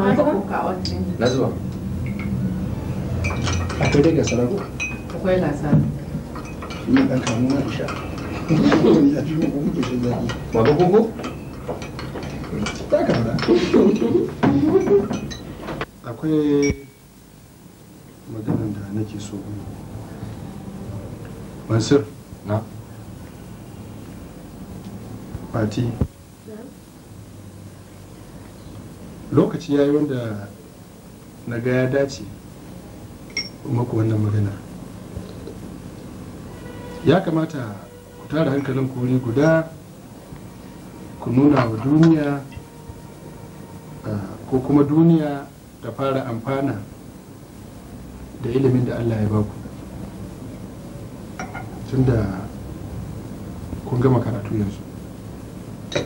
na akwai dai akwai ina kamu na isha Baba koko? Akwai maganar da nake so Mansur. Na. Fati. lokaci ya yi wanda na ga ya dace maku wannan magana ya kamata ku tara hankalin kuri guda ku nuna wa duniya ah, ko kuma duniya ta fara amfana da ilimin da allah ya baku tunda kun gama karatu yanzu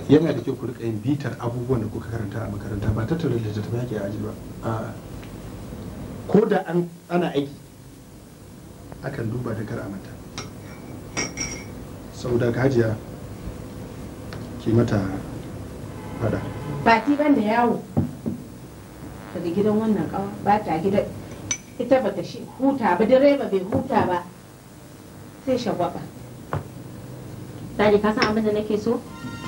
yana da kyau ku rika yin bitar abubuwan da kuka karanta a makaranta ba tattara littattafai ake aji ba ko da ana aiki akan duba da kar a mata saboda ka hajiya ki mata fada baki ban da yawo daga gidan wannan kawa ba ta gida ita ba ta shi huta ba direba bai huta ba sai shagwaba ta ka san abin da nake so?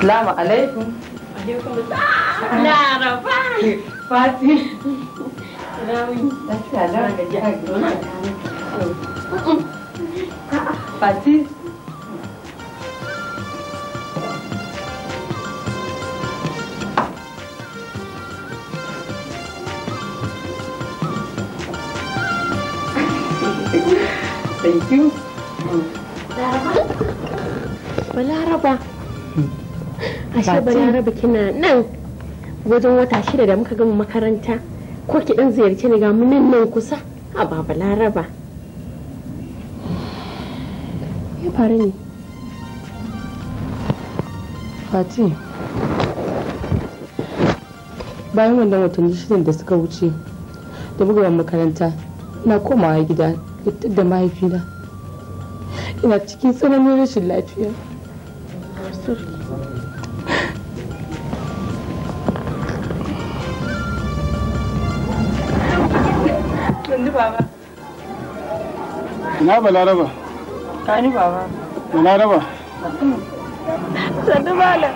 Assalamu alaikum. Laraba. Fati. Fati. Thank you. Laraba. Laraba. ashe bari raba kina nan wajen wata shida da muka gama makaranta ko ki dan ziyarci ni ga mu nan nan kusa a baba laraba ya ne fati bayan wannan watanni shirin da suka wuce da bugawar makaranta na komawa gida da mahaifina ina cikin tsananin rashin lafiya Ina balaraba? Kani baba. Balaraba? Sadu bala.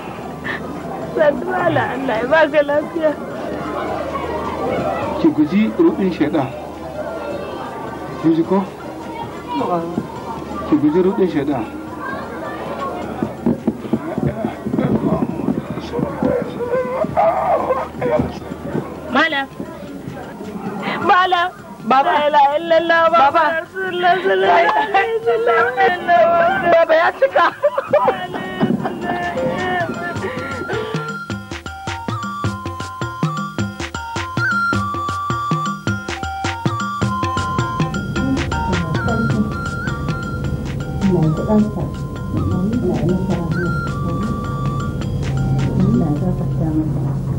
Sadu bala. Allah ya baka lafiya. Ki guji rubin shaidan. Kin ko? Ki guji rubin shaidan. Mala. Mala. Baba la illallah baba Baba ya cika Thank you.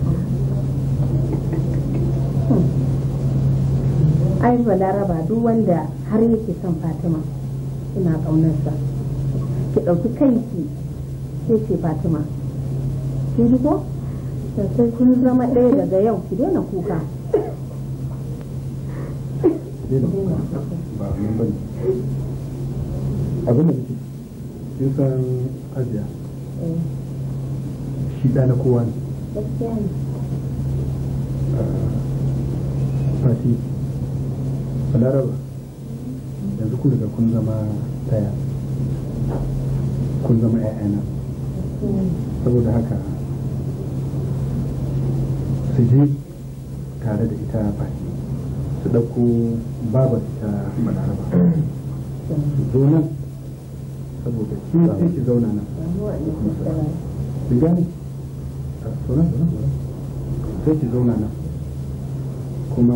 ai laraba duk wanda har yake son fatima ina ƙaunarsa ki ɗauki kanki ke ce fatima ki ji ko sai kun zama ɗaya daga yau ki daina kuka abin da kike kin san ajiya eh. shi ɗa na kowa ne ah, fati balaraba yanzu ku daga kun zama taya kun zama 'ya'yana saboda haka su je tare da ita baki su ɗauko babu ta balaraba zonu saboda shi sai ki zauna nan ki gane sai ki zauna nan kuma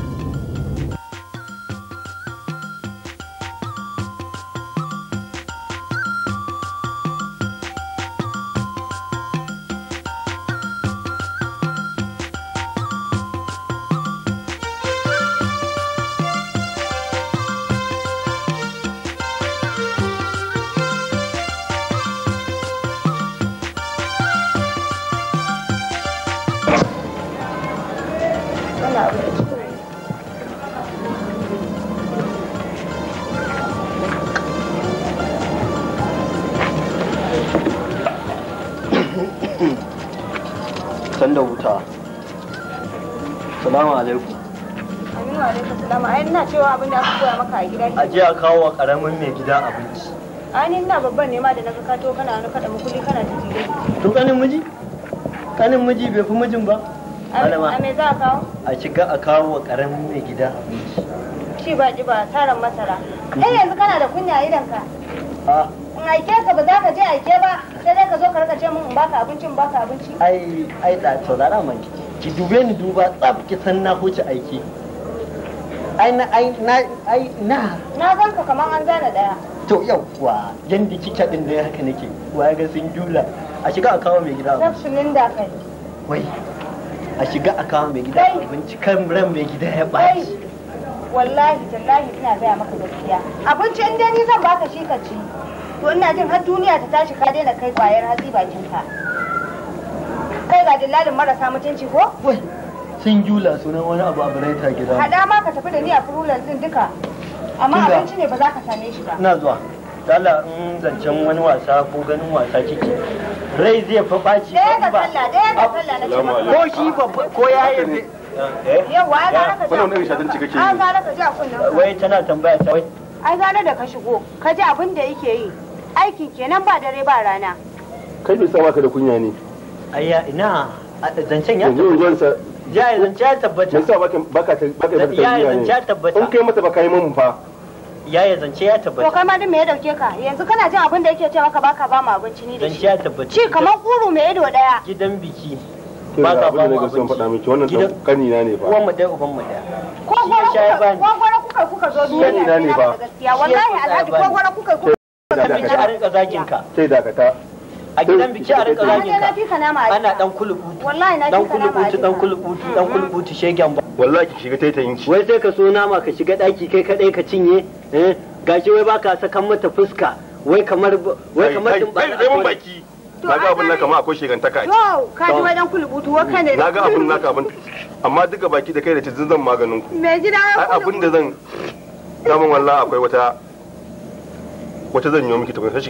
a gida a a kawo wa karamin mai gida abinci ani na babban ne ma da naga kato kana wani kada mukuli kana ta jide to kanin miji kanin miji bai fi mijin ba a me za a kawo a shiga a kawo wa karamin mai gida abinci ci ba ji ba tarin masara kai yanzu kana da kunya idan ka in aike ka ba za ka je aike ba sai dai ka zo ka rika ce mun in baka abinci in baka abinci ai ai da to zara man ki dube ni duba tsaf ki san na huce aiki ai na ai na ai na na gan ka kaman an gane daya to yau wa yanda kika din da haka nake wa ga sun jula a shiga a kawo mai gida abinci shinin da kai wai a shiga a kawo mai gida abinci kan ran mai gida ya baci wallahi tallahi ina gaya maka gaskiya abinci in dai ni zan baka shi ka ci to ina jin har duniya ta tashi ka daina kai kwayar hatsi bakin ka kai ga dillalin marasa mutunci ko wai singular sunan wani abu a ta gida hada ma ka tafi da ni a furulan din duka amma abinci ne ba za ka same shi ba ina zuwa Allah in zancen wani wasa ko ganin wasa kike rai zai fi ɓaci ba ba ko shi ko ya yi eh? yawa ya gara ka ji An gara ka ji a kunnen wai tana tambaya ta wai ai gara da ka shigo ka ji abin da yake yi aikin kenan ba dare ba rana kai bai tsawa ka da kunya ne ayya ina zancen ya ya zance ya tabbata me yasa baka baka baka da tarbiyya ya zance ya tabbata in kai mata baka yi mun fa ya yi zance ya tabbata to kai ma din me ya dauke ka yanzu kana jin abin da yake cewa ka baka ba mu abinci ni da shi zance ya tabbata ci kamar kuru mai ido daya gidan biki ba ka ba mu abinci faɗa miki wannan dan kanina ne fa uwan mu dai uban mu dai ko gwara kuka kuka zo duniya kanina ne fa gaskiya wallahi alhaji ko gwara kuka kuka zo duniya a rinka zakin ka sai dakata a gidan biki a rinka zagin ka ana dan kulubutu dan kulubutu dan kulubutu dan kulubutu shegen ba wallahi ki shiga taitayin ci. wai sai ka so nama ka shiga daki kai kadai ka cinye eh gashi wai baka sakan mata fuska wai kamar wai kamar din ba kai mun baki naga abun naka ma akwai shegantaka a to ka ji wai dan kulubutu wa kane naga abun naka abun amma duka baki da kai da tijin zan maganin ku me gida ai abun da zan daman wallahi akwai wata wata zan yi miki ta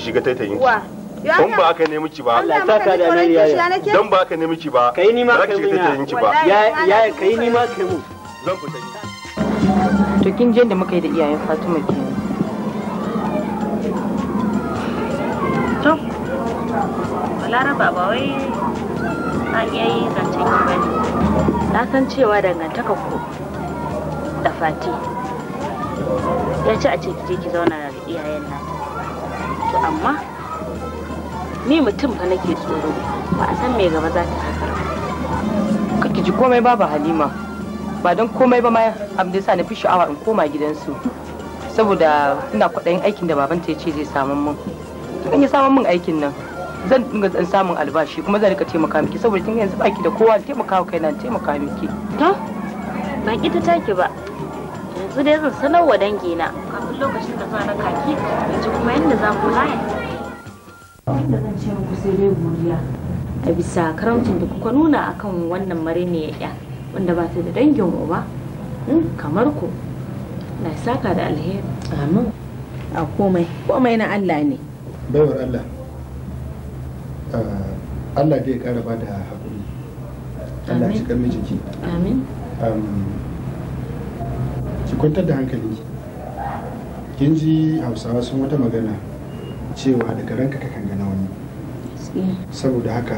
shiga taitayin ki don ba ka nemi ki ba Allah ya ka da nan yaya don ba ka nemi ki ba kai ni ma kai mun ni ma kai ni ma kai mun zan fita ni to kin je da muka yi da iyayen Fatima ke to Balaraba ba wai an yayi zancen ki bane na san cewa dangantaka ku da Fati ya ci a ce ki je ki zauna da iyayen nan to amma ni mutum fa nake tsoro ba a san me gaba za ta haifar kake ji komai ba halima ba don komai ba ma abin sa na fi sha'awa in koma gidansu saboda ina kwaɗayin aikin da babanta ya ce zai samun mun in ya samun mun aikin nan zan dinga zan samun albashi kuma zan rika taimaka miki saboda kin yanzu baki da kowa da taimaka wa kaina taimaka miki to ban ita take ba yanzu dai zan sanar wa dangi na kafin lokacin da zan raka ki yanzu kuma yanda za ku laya Wanda zan ce muku sai dai godiya a bisa karamcin da kuka nuna akan wannan marini ya wanda ba ta da dangin uba hmm, kamar ku na saka da alheri. Amin. A komai, komai na Allah ne. Baiwar Allah. Ah, Allah dai ya ba da haƙuri. Allah ya cikar mijinki. Amin. Ki kwantar da hankalinki. Kin ji Hausawa sun wata magana. cewa daga ranka ka kan gana wani saboda haka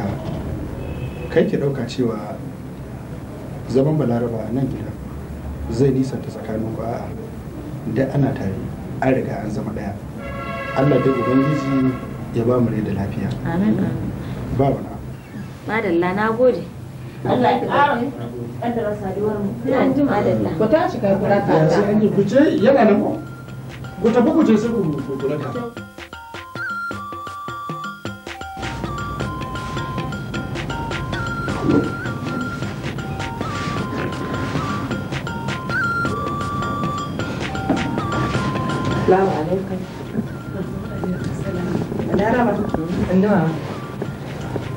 kai ki ɗauka cewa zaman balaraba a nan gida zai nisanta tsakanin ku a'a da ana tare an riga an zama ɗaya allah da ubangiji ya ba mu da lafiya ba wani madalla na gode Allah ya ƙara ƙaddara saduwar mu. Ina jin madalla. Ku ta shiga kura ta. Yanzu an yi kuce yana nan ko? Ku tafi ku je sai ku kura ta.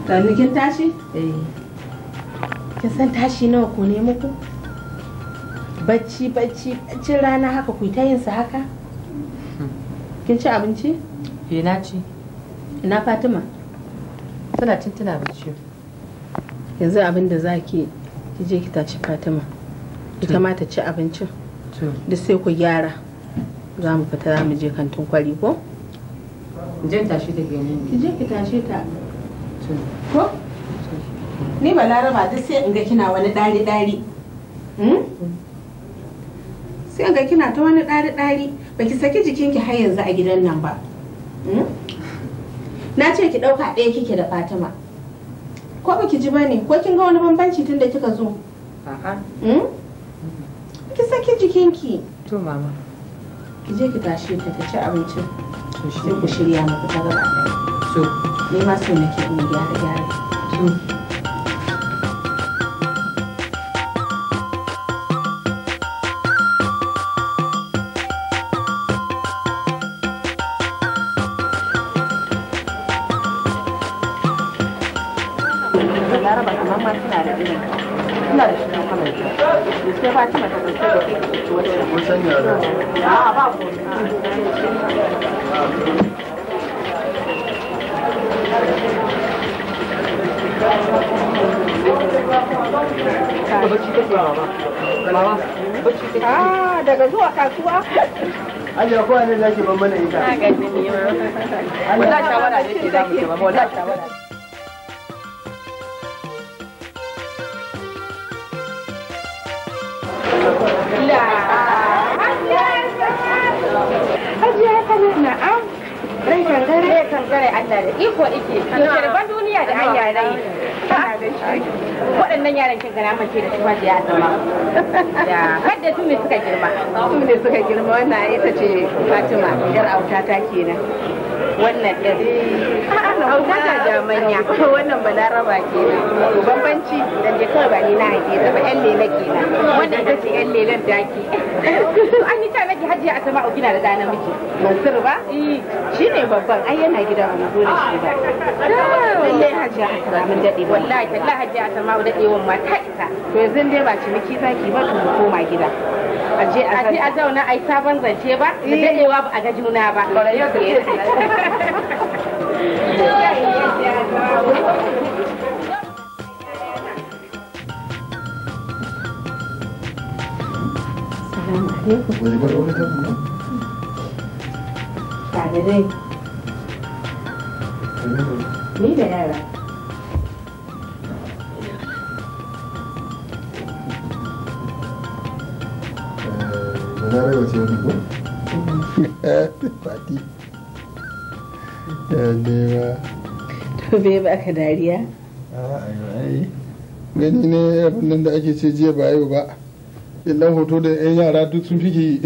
Tani kin tashi? Eh. Kin san tashi nawa ko ne muku? Bacci bacci baccin rana haka ku ta yin sa haka? Kin ci abinci? Eh na ci. Ina Fatima? Tana cin tana bacci. Yanzu abin da za ki ki je ki tashi Fatima. Ki kamata ci abincin. Duk sai ku gyara. Za mu fita za mu je kantin kwari ko? Jin tashi ta gani. Ki je ki tashi ta. ko ni ba laraba duk sai in ga kina wani ɗari ɗari hmm? sai in ga kina ta wani ɗari ɗari baki saki jikinki har yanzu a gidan nan ba hmm? na ce ki ɗauka ɗaya kike da fatima ko ki ji bane ko kin ga wani bambanci tun da kika zo a'a hmm? ki saki jikinki to mama ki je ki tashi ta ki ci abincin sai ku shirya mu fita gaba ɗaya so ni ma so nake in gyara gyara Laraba kamar ma suna da irin ina da shi da sai fatima ta ɗauke da da a ah, ba ah, daga zuwa kasuwa? Allah ne zaki ban mana ita. ne. shawara ne ke da mu wallahi shawara. Hajiya kana na'am. Rai kankare. Rai kankare Allah da iko ike. Shirban duniya da an yarai. Waɗannan yaran kin gana mace da su hajiya zama. Hadda su ne suka girma. Su ne suka girma wannan ita ce Fatima yar auta ta kenan. wannan ɗin aukata da manya wannan balaraba ke nan bambanci dan je kawai ba ni na haife ta ba yan lela ke nan wannan ita ce yan lelan daki to an yi ta nake hajiya a sama kina da ɗana miji mansur ba eh. shi ne babban ai yana gidan amma dole shi ba hajiya asma mun dade wallahi talla a asma mun dade mata ita to yanzu dai ba ciniki zaki ba to koma gida a a a zauna ai sabon zance ba da dadewa ba a ga juna ba ni da yara Balarabe ce wani dariya? gani ne abin da ake ce jiya ba yau ba idan hoto da yan yara duk sun fi yi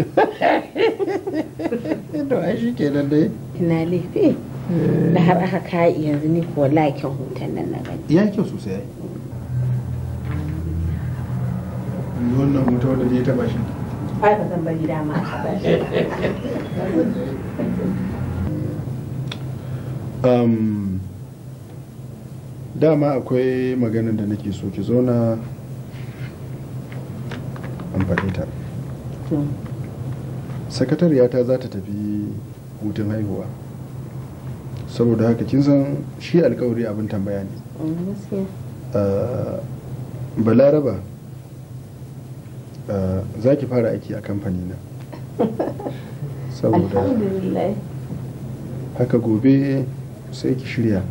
ina laifi Eh. na har aka kai yanzu ni ko like hoton nan na gani ya kyau sosai wannan hoton da je ta shi ai ba zan bari dama a taba um, dama akwai maganar da nake so ki zauna an faɗi ta sakatariya ta za ta tafi hutun haihuwa saboda haka kin san shi alkawari abin tambaya ne eh, balaraba eh, za ki fara aiki a kamfani na saboda haka gobe sai ki shirya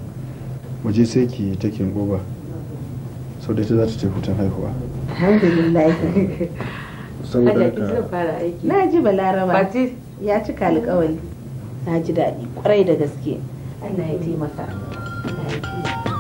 waje sai ki takin goba sau da ita za ta ce hutun haihuwa saboda haka na ji balaraba ya cika alkawari na ji daɗi kwarai da gaske Allah ya taimaka Allah ya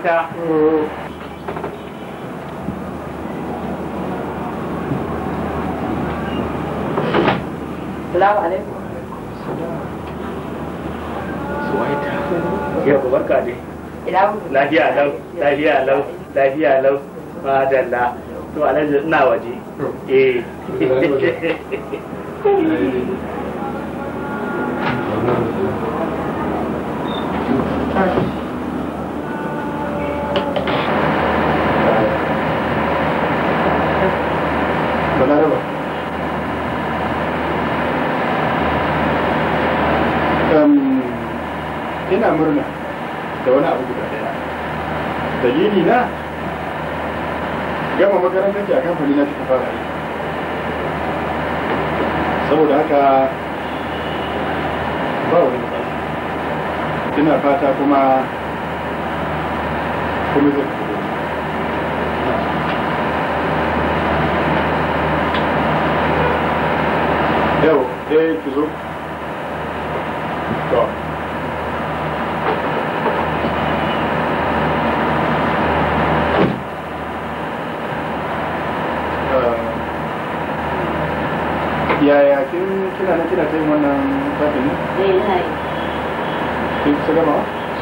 wuta mm. Salamu alaikum. Suwaita. Yau barka Lafiya lafiya lafiya lau. Madalla. To alhaji ina waje. Hmm. Eh. kuma kuma zai fito yau eh ki zo to eh, yaya kin kina na kina ta yin wannan tafin ne? eh yi kin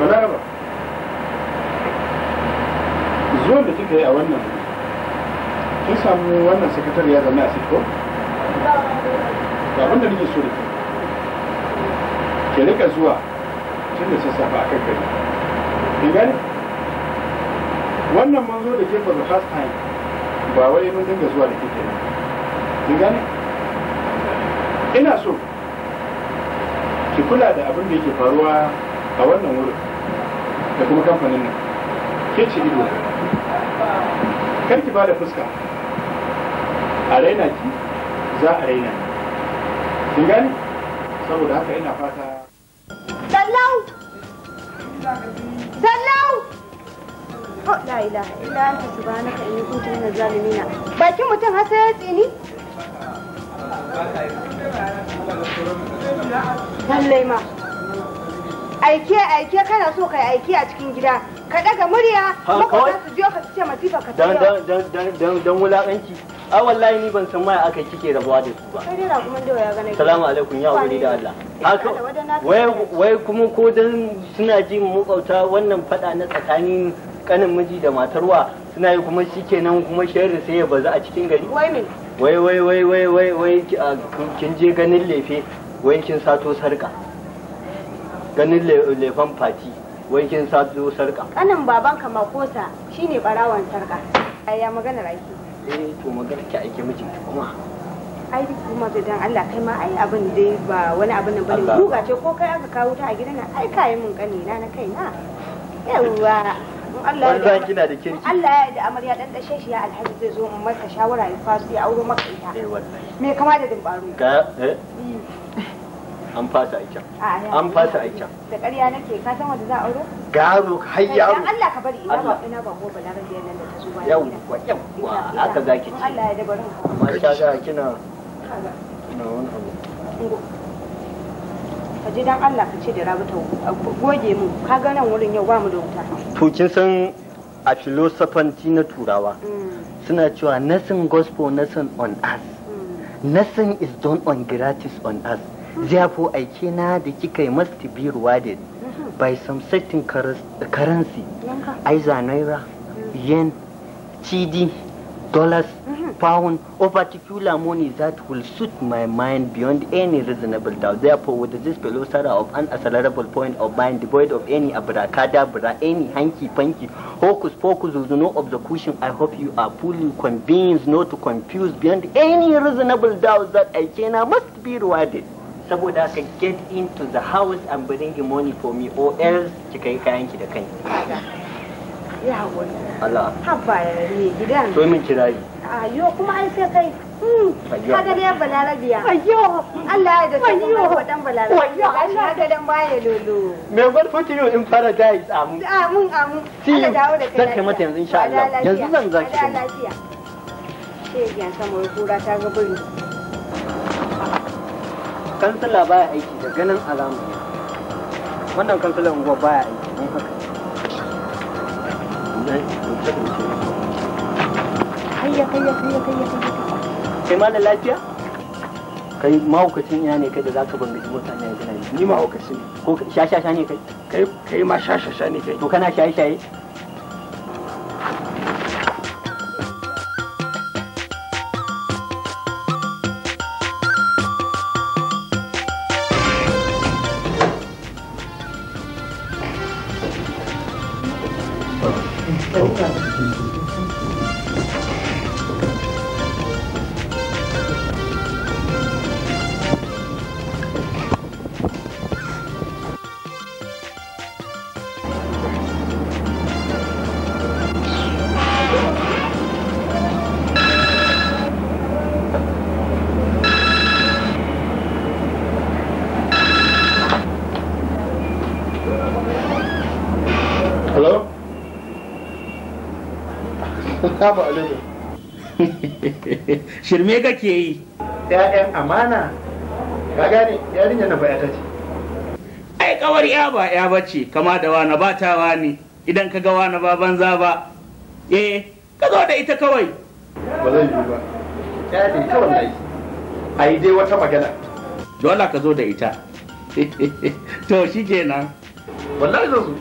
balaraba zuwan da kika yi a wannan kin samu wannan sakatare ya zama a sitko ga abinda nake so da ke ke rika zuwa tun da sassafa a kan gari kin gane wannan manzo da ke for the first time ba wai mun dinga zuwa da kike nan kin gane ina so ki kula da abin da yake faruwa a wannan wurin da kuma kamfanin nan ke ce ido kar ki da fuska a raina ki za a raina kin gani saboda haka ina fata sallau sallau Oh, la ilaha illa yi na inni kuntu na. Ba Bakin mutum har sai ya tsini? Lallai ma. aike aike kana so kai aike a cikin gida ka daga murya za su je ka ce masifa ka dan dan dan dan dan wulakanci ai wallahi ni ban san mai aka kike rabuwa da su ba sai kuma da ya gane salamu alaikum ya wuri da Allah haka wai wai kuma ko dan suna ji makwabta wannan fada na tsakanin kanin miji da matarwa suna yi kuma shikenan kuma sharri sai ya bazu a cikin gari wai wai wai wai wai wai kin je ganin lefe wai kin sato sarka ganin lefan faci wai kin sarka kanin baban ka makosa shine barawan sarka ya magana aiki eh to magana ki aike miji kuma ai duk kuma da dan Allah kai ma ai abin dai ba wani abin nan bane guga ce ko kai aka kawo ta a gidan nan ai kai mun kani na na kai na yawa Allah ya kina da kirki Allah ya da amarya dan dashe shi ya alhaji zai zo mun maka shawara ya fasu ya auro maka ita eh wallahi me kama da dimbaro ga eh mm. an fasa aikin ah, an fasa aikin da ƙarya nake ka san wanda za a aure garo har yaro dan Allah ka bari ina ba ina ba gobe na rabiya nan da ta zuwa yau wa yau wa haka zaki ci Allah ya da barin amma sha sha kina kina wani abu ka ji dan Allah ka ce da rabuta goge mu ka ga nan wurin yau ba mu da wuta to kin san a filosofanci na turawa mm. suna cewa nothing gospel nothing on us mm. nothing is done on gratis on us therefore I cannot the chicken must be rewarded by some certain currency either naira yen chidi dollars mhm. pound or particular money that will suit my mind beyond any reasonable doubt. Therefore, with this fellow Sarah of unassailable point of mind, devoid of any abracadabra, any hanky-panky, hocus pocus with no obsecution, I hope you are fully convinced not to confuse beyond any reasonable doubt that I cannot must be rewarded. saboda ka get into the house and bring the money for me or else ki kai kayan ki da kai ya wani Allah ya ne gidan to min kirari ayo kuma ai sai kai hmm, ka ga dai balarabiya ayo Allah ya da ta kuma wadan balarabiya ayo Allah ga dan baya lolo me god for yo in paradise amun amun amun Allah dawo da kai zan kai mata yanzu insha Allah yanzu zan zaki lafiya sai ya samu kura ta ga buri kansila baya aiki da ganin alamu wannan kansilan unguwa baya aiki don haka kayya kayya kayya kayya kai ma da lafiya kai mahaukacin ya ne kai da zaka bangaji mutane ya gina ni mahaukaci ne ko shashasha ne kai kai ma shashasha ne kai to kana shaye shaye a alaikum. Shirme ke yi. ‘Ya'yan amana, ga gane yarinya na bayata ce. Ai kawar ya ba ya bace kama da wani ba ta wani idan ka ga wani ba banza ba. Eh, ka zo da ita kawai. Ba zan yi ba. Ya ne kawai na yi. A yi dai wata magana. Dole ka zo da ita. To shi kenan. Wallahi zan zo.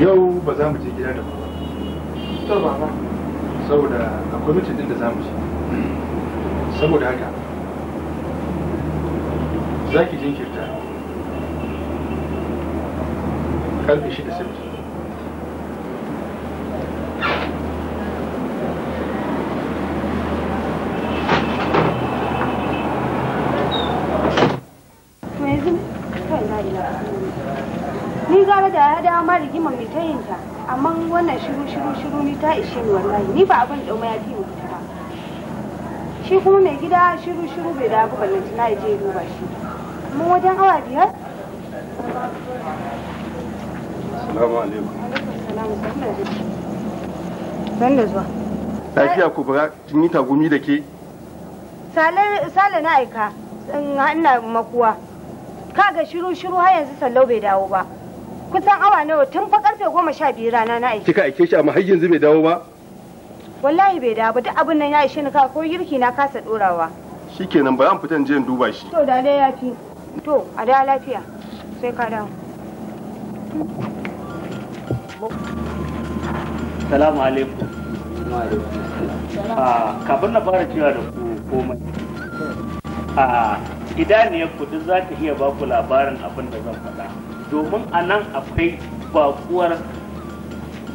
yau ba za mu je gida da ku ba ba saboda akwai mutum din da za mu je saboda haka za ki jinkirta karfe shida sai ma rigima mai ta yin ta amma wannan shiru shiru shiru ni ta ishe ni wallahi ni ba abin da ya fi mutu ba shi kuma mai gida shiru shiru bai da abu da na je duba shi amma wajen awa biyar Assalamu alaikum. Alaikum da zuwa. Lafiya ku bara kin da ke? Sale na aika. Ina makuwa. Kaga shiru shiru har yanzu sallau bai dawo ba. kusan awa nawa tun fa karfe goma sha biyu rana na aiki kika aike shi amma har yanzu bai dawo ba wallahi bai dawo ba duk abin nan ya ishe ni ka ko girki na kasa dorawa shikenan ba an fita je in duba shi to da dai fi. to a da lafiya sai ka dawo salamu alaikum ah, kafin na fara cewa da ku komai ah, idan ne ku duk za ta iya baku labarin abin da zan faɗa domin a nan akwai bakuwar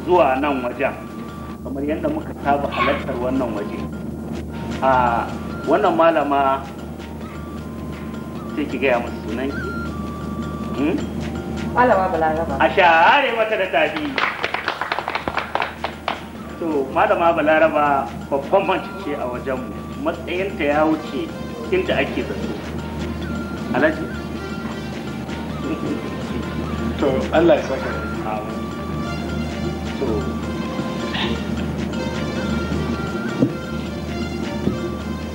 zuwa nan wajen kamar yadda muka saba halartar wannan waje a wannan malama sai ki gaya masu ki hmm? malama balaraba a share mata da tafi to malama balaraba babban mace ce a wajenmu matsayinta ya wuce inda ake zato alaji to Allah ya saka to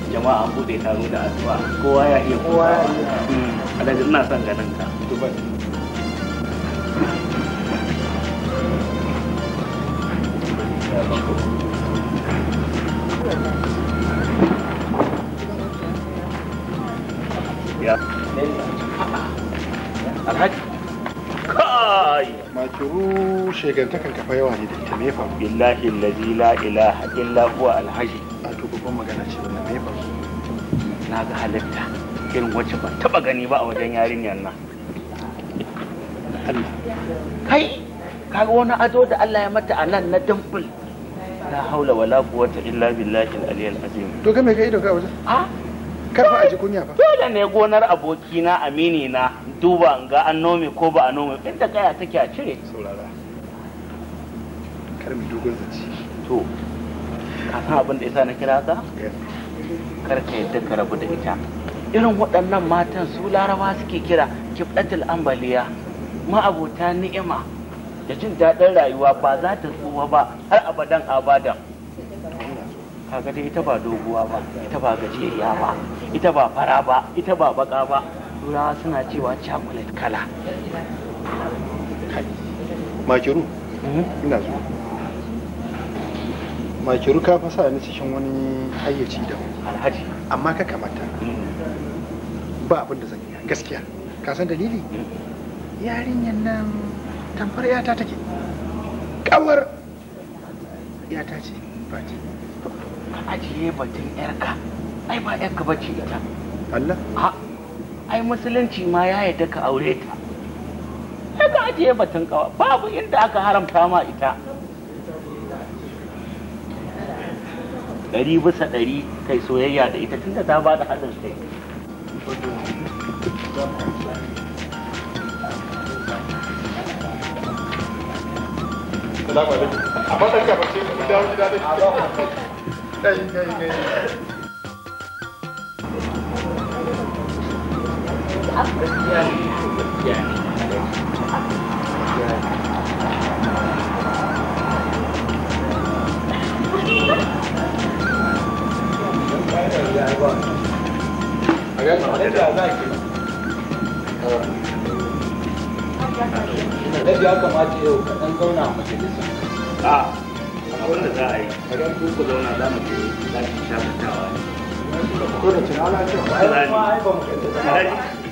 jama'a an bude taro da addu'a kowa ya iya kowa ya iya hmm. alhaji ina son ganin ka Yeah. Makiru shegantakan kafa yawa ne da ita me faru? Billahi allazi la ilaha illa huwa alhaji. A to babban magana ce wannan me faru? Na ga halitta irin wacce ban taba gani ba a wajen yarinyar nan. Allah. Kai kaga wani ado da Allah ya mata a nan na dambul. La haula wala quwwata illa billahi al-aliyyil azim. To ga me ga ido ga wajen? Ah karfa a ji kunya ba dole ne gonar abokina amini na duba ga an nome ko ba a nome inda kaya take a cire saurara kar mu dogon zaci to ka san abin da yasa na kira ka kar ka yadda ka rabu da ita irin waɗannan matan su larawa suke kira kibdatul ambaliya ma'abota ni'ima da jin daɗin rayuwa ba za ta tsuwa ba har abadan abadan kaga dai ita ba doguwa ba ita ba gajeriya ba ita ba fara ba ita ba baka ba turawa suna cewa chocolate kala makiru hmm? ina zo makiru ka fasa ni cikin wani hayyaci da alhaji amma ka kamata hmm. ba abin da zan yi gaskiya ka san dalili hmm. yarinyan nan tamfar yata take kawar yata ce ba ajiye batun yarka ai ba yanka bace ita Allah ha ai musulunci ma ya yarda ka aure ta ai ka ajiye batun kawa babu inda aka haramta ma ita ɗari bisa ɗari kai soyayya da ita tunda ta ba da haɗin kai Assalamu alaikum. A matan ka bace, ku dawo gida dai. Kai kai kai. Maybe I'll come out to you and go now, my dear. Ah, abin da za a yi, idan ku ku zauna za mu je za ki shakatawa. Ko da tunawa lafiya, ba ai ba mu kai da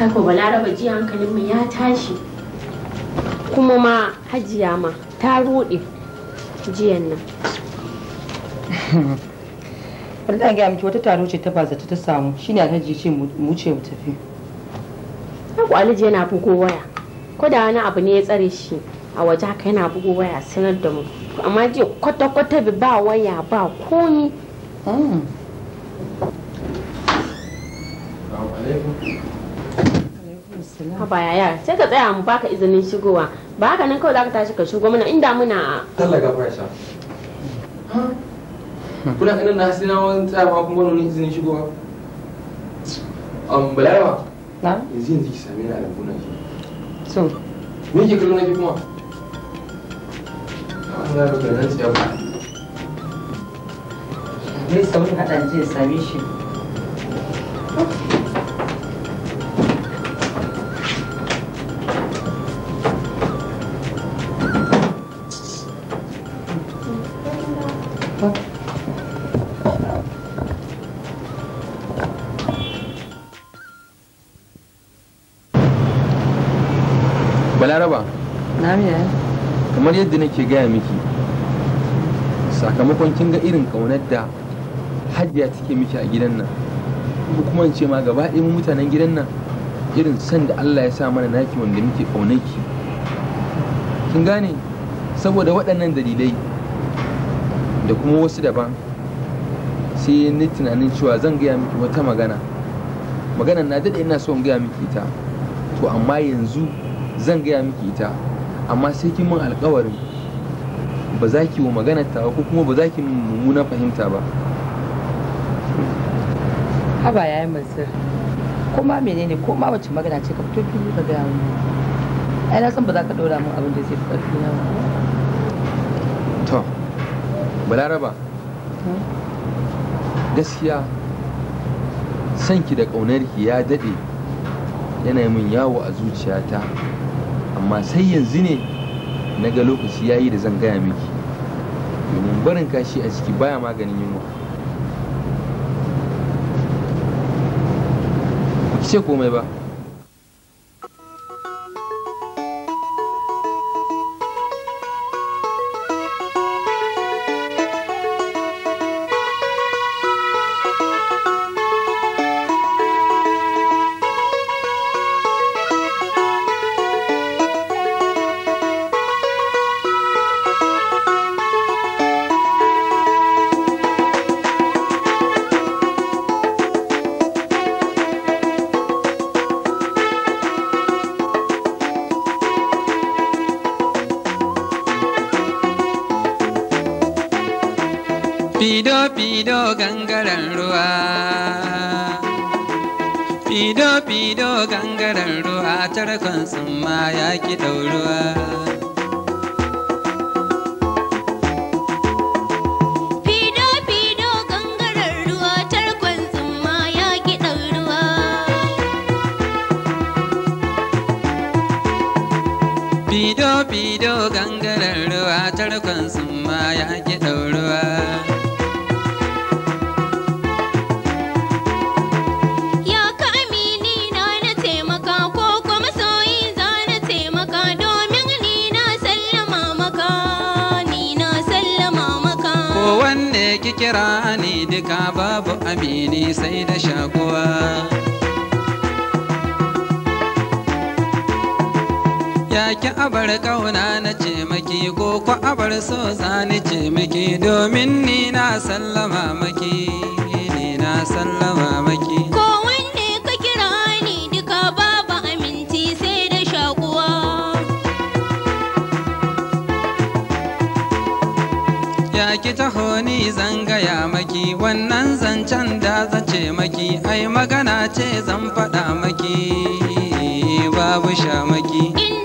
kako balaraba ji hankalin mu ya tashi kuma ma hajiya ma ta rude jiyan nan wanda ga miki wata taro ce ta bazata ta samu shine alhaji ce mu ce mu tafi Haku Alhaji yana bugo waya ko da wani abu ne ya tsare shi a waje haka yana bugo waya sanar da mu amma jiya kwata-kwata ba waya ba komi hmm. Assalamu Ka baya yara, sai ka tsaya mu baka izinin shigowa. Ba haka nan kawai zaka tashi ka shigo mana inda muna. Tallaga Faisha. Kuna kanan na hasina wani tsayawa kuma wani izinin shigowa. Um, Balarawa. Na? Yanzu yanzu ki same ni a lambuna ji. So. Me ke kallo na ke kuma? Allah ya rubuta nan tsaya ba. Zai saurin haɗa je same shi. nake gaya miki sakamakon kin ga irin ƙaunar da hajiya take miki a gidan nan ko kuma in ce ma gaba ɗaya mutanen gidan nan irin san da Allah ya sa mana naki wanda muke ƙaunarki kin gane saboda waɗannan dalilai da kuma wasu daban sai ni tunanin cewa zan gaya miki wata magana maganan na daɗe ina son gaya miki ita to amma yanzu zan gaya miki ita amma sai kin min alƙawarin ba za ki wa magana ta ko kuma ba za ki mummuna fahimta ba haba ya yi mansur ko ma menene ko ma wacce magana ce ka fito fili ka gaya mu ai na san ba za ka ɗora mun abin da zai fi ƙarfi na ba to balaraba hmm? gaskiya sanki da ki ya daɗe yana min yawo a zuciyata amma sai yanzu ne na ga lokaci yayi da zan gaya miki domin barin kashi a ciki baya maganin yunwa ce komai ba pido gangaran ruwa fido fido gangaren ruwa tarkon sun ma ya ki ɗauruwa Ka babu amini sai da shakuwa Ya ki abar kauna na ce maki ko ku abar so zani ce maki domin ni na sallama maki ni na sallama maki zan gaya maki wannan zancen da zace maki ai magana ce zan faɗa maki babu shamaki maki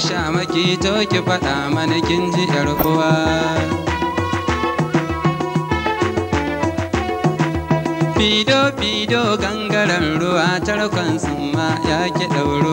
babu maki to ki faɗa mana kin ji yar uwa fido fido gangaren ruwa tarkon sun ma ya ki ɗaura.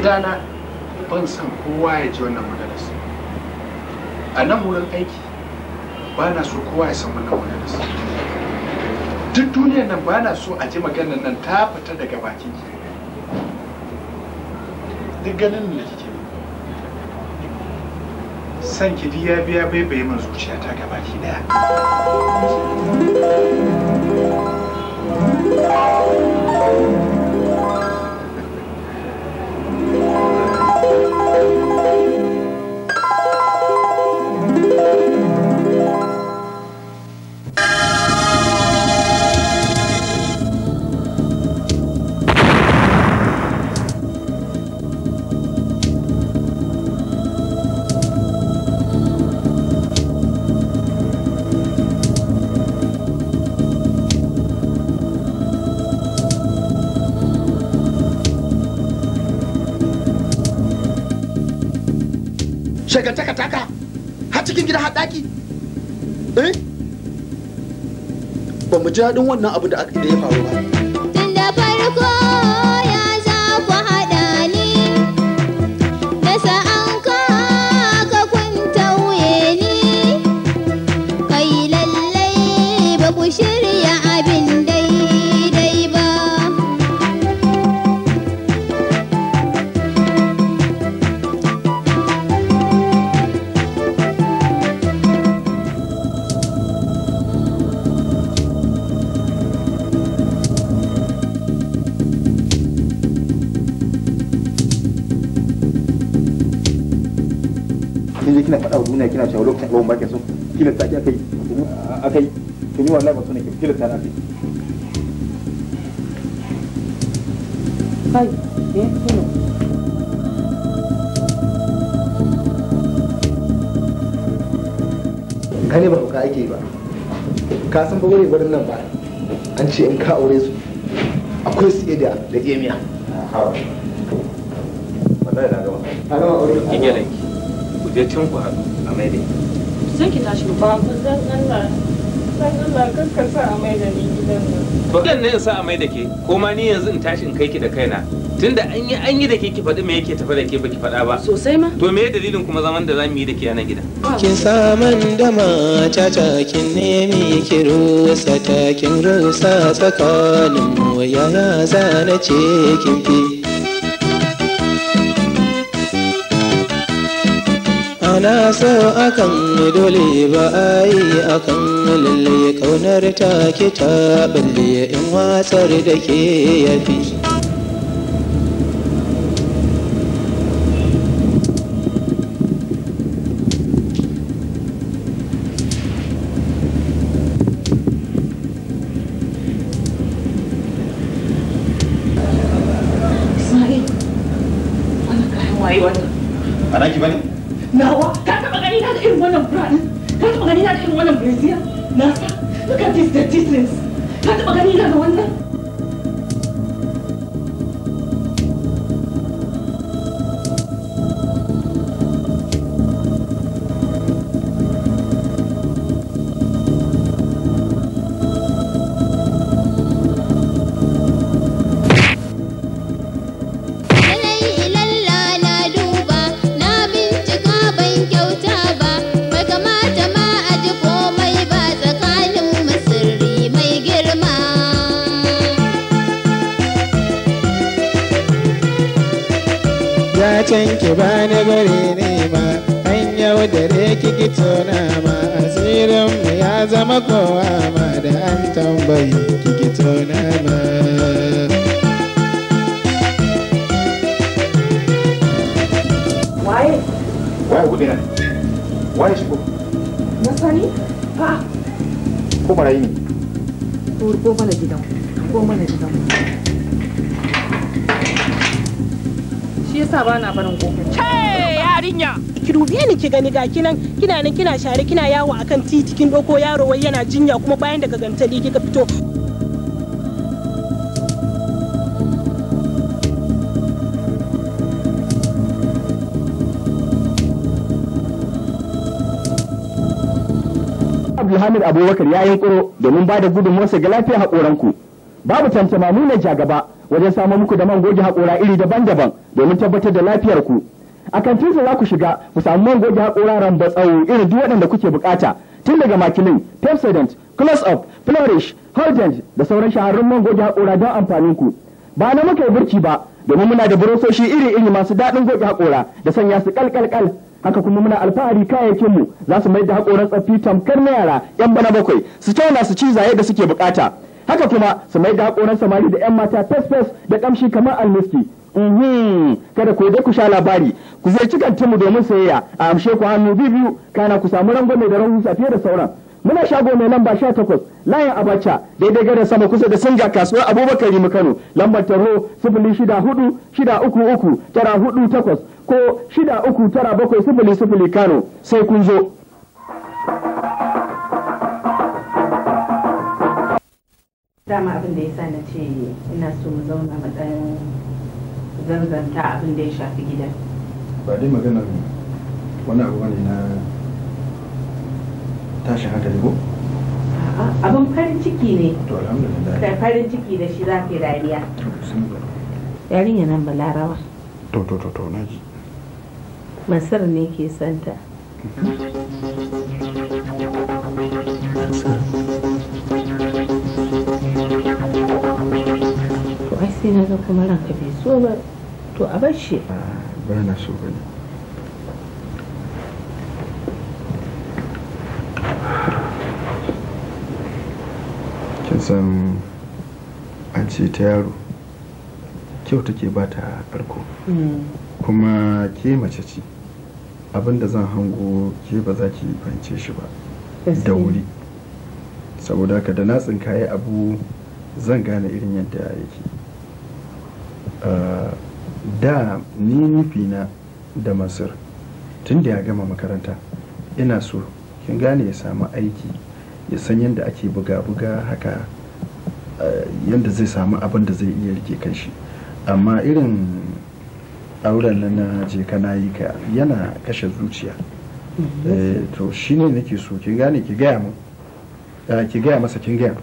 gidana ban san kowa ya ji wannan madaras a nan wurin aiki ba na so kowa ya san wannan madaras duk duniyar nan ba na so a ji maganar nan ta fita daga bakin ki duk ganin da kike san ki biya biya bai bai min zuciya ta gaba ki daya ji daɗin wannan abu da ya faru ba. Tun da farko kila ta rabe kai eh ba hauka ake ba ka san bagware gwarin nan ba an ce in ka aure su akwai su da da emiya wallahi na gama na aure ku je can ku a mai ki tashi ba Allah kakka sa a da nan. ne a mai da ke, ko ma ni yanzu in tashi in kai ki da kaina. Tunda an yi an yi da ke ki faɗi me yake tafa da ke baki faɗa ba. Sosai ma. To me dalilin kuma zaman da zamu yi da ke a nan gidan? Ah. Kin saman da mata kin nemi ki rusa ta kin rusa tsakanin mu yara zana ce kin fi. na so akan dole ba a yi akan lalle kaunar ta ki ta balle in watsar da ke yafi Ana ki bane? bani bari ne ma an yau da kiki tona ma asirin mu ya zama kowa ma da an tambayi kiki tona ma waya buɗe nan waya shigo na sani ba ko yi ne ko mana gidan ko mana yasa ba na barin gobe ce yarinya ki dubi ni ki gani ga kinan kina nan kina share kina yawo akan titi kin doko yaro wai yana jinya kuma bayan daga gantali kika fito Abdulhamid Abubakar ya yi kuro domin ba da gudunmuwarsa ga lafiyar haƙoranku. Babu tantama nuna jagaba wajen samar muku da man goge haƙora iri daban-daban domin tabbatar da lafiyar ku a kantinsa za ku shiga ku samu man goge haƙoraran tsawo irin duk waɗanda kuke bukata tun daga makilin pepsodent close up flourish holdent da sauran shahararrun man goge haƙora don amfanin ku ba na muka yi burki ba domin muna da burososhi iri-iri masu daɗin goge haƙora da sanya su kalkalkal haka kuma muna alfahari kayayyakin mu za su mai da haƙoran tsaffi tamkar na yara yan bana bakwai su tauna su ci zaye da suke bukata haka kuma su mai da haƙoran samari da yan mata fes-fes da ƙamshi kamar almiski kada ku je ku sha labari ku zai cikan timu domin sayayya a amshe ku hannu biyu biyu kana ku samu mai da rahusa fiye da sauran muna shago mai lamba 18 layin abacha daidai gadar sama kusa da singa kasuwar abubakar mu kano lambar taro sifili shida hudu shida uku uku tara hudu takwas ko shida uku tara bakwai sifili sifili kano sai kun zo. dama abin da ya sa na ce ina so mu zauna matsayin zanzanta abin da ya shafi gida ba dai maganar wani abu ne na tashin hankali ko abin farin ciki ne to alhamdulillah farin ciki da shi za ka yi dariya yarinya nan balarawa to to to to na ji masar ne ke santa to ai sai na ga kuma ranka bai so ba to a bar shi ba na so bani kin san an ce ta yaro kyau take ba ta farko mm. kuma ke mace ce abinda zan hango ke ba za ki fahimce shi ba da wuri saboda haka da natsin kayi abu zan gane irin yadda yake ah, da ni nufi na da masar tun da ya gama makaranta ina so kin gane ya samu aiki ya san yadda ake buga-buga haka eh, yadda zai samu abin da zai iya rike kan shi amma irin auren nan na je ka yi ka yana kashe zuciya mm-hmm. eh, to shi ne nake so kin gane ki gaya mu eh, ki gaya masa kin gaya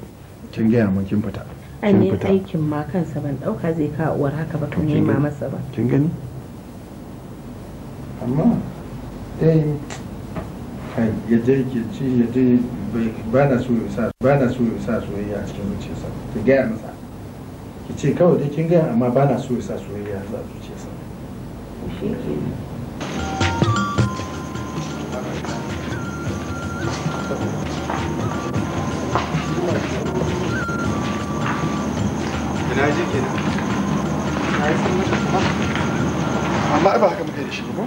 kin gaya mun kin fita ai ne aikin ma kansa ban dauka zai kawo uwar haka ba ka nema masa ba kin gani amma dai eh, ya je ke ci ya je ba na so ya sa ba na so ya sa soyayya a cikin zuciyarsa ki gaya masa ki ce kawai dai kin gaya amma ba na so ya sa soyayya a zuciyarsa shi ke na je kenan amma ai ba haka muka yi da shi ba mu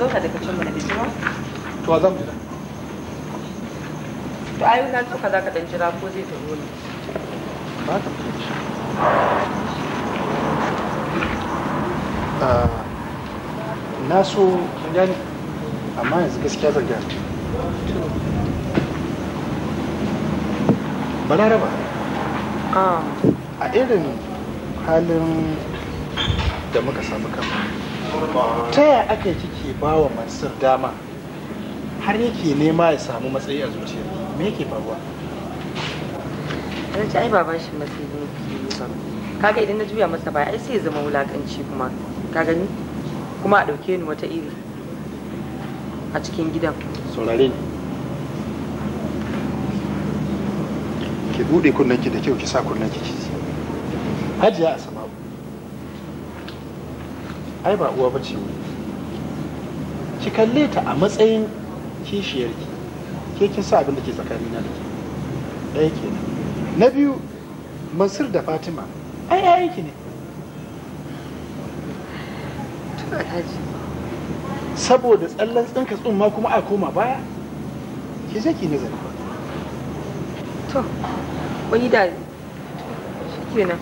dauka daga can mana da shi ba to a zamu jira to ai na dauka za ka dan ko zai ba da shi na so kin yanzu gaskiya a irin halin da muka samu kama ta yaya aka kike ba wa mansur dama har yake nema ya samu matsayi a zuciya me yake faruwa ce ai baban shi matsayi ne ba kaga idan na juya masa baya ai sai ya zama wulakanci kuma ka gani kuma a ɗauke ni wata iri a cikin gidan saurare ni ki bude kunnen ki da kyau ki sa kunnen ki hajiya a sama ai ba uwa bace mu ki kalle ta a matsayin kishiyarki ke kin sa abin da ke tsakani na da ke ɗaya na biyu mansur da fatima ai aiki ne saboda tsallan tsinka ma kuma a koma baya ki je ki nazari to wani da kenan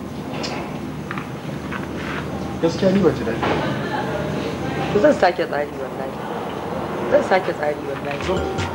gaskiya ni ba ji daɗi zan sake tsari wallahi zan sake tsari wallahi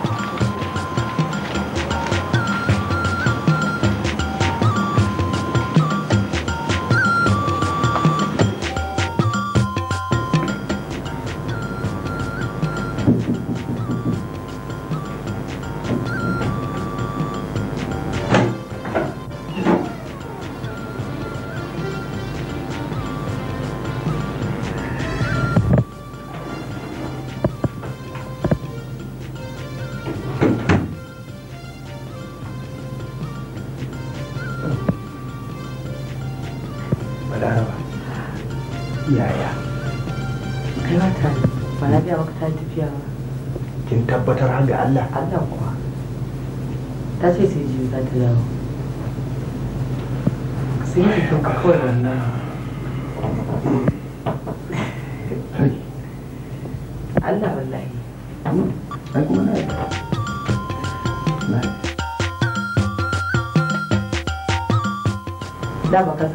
ta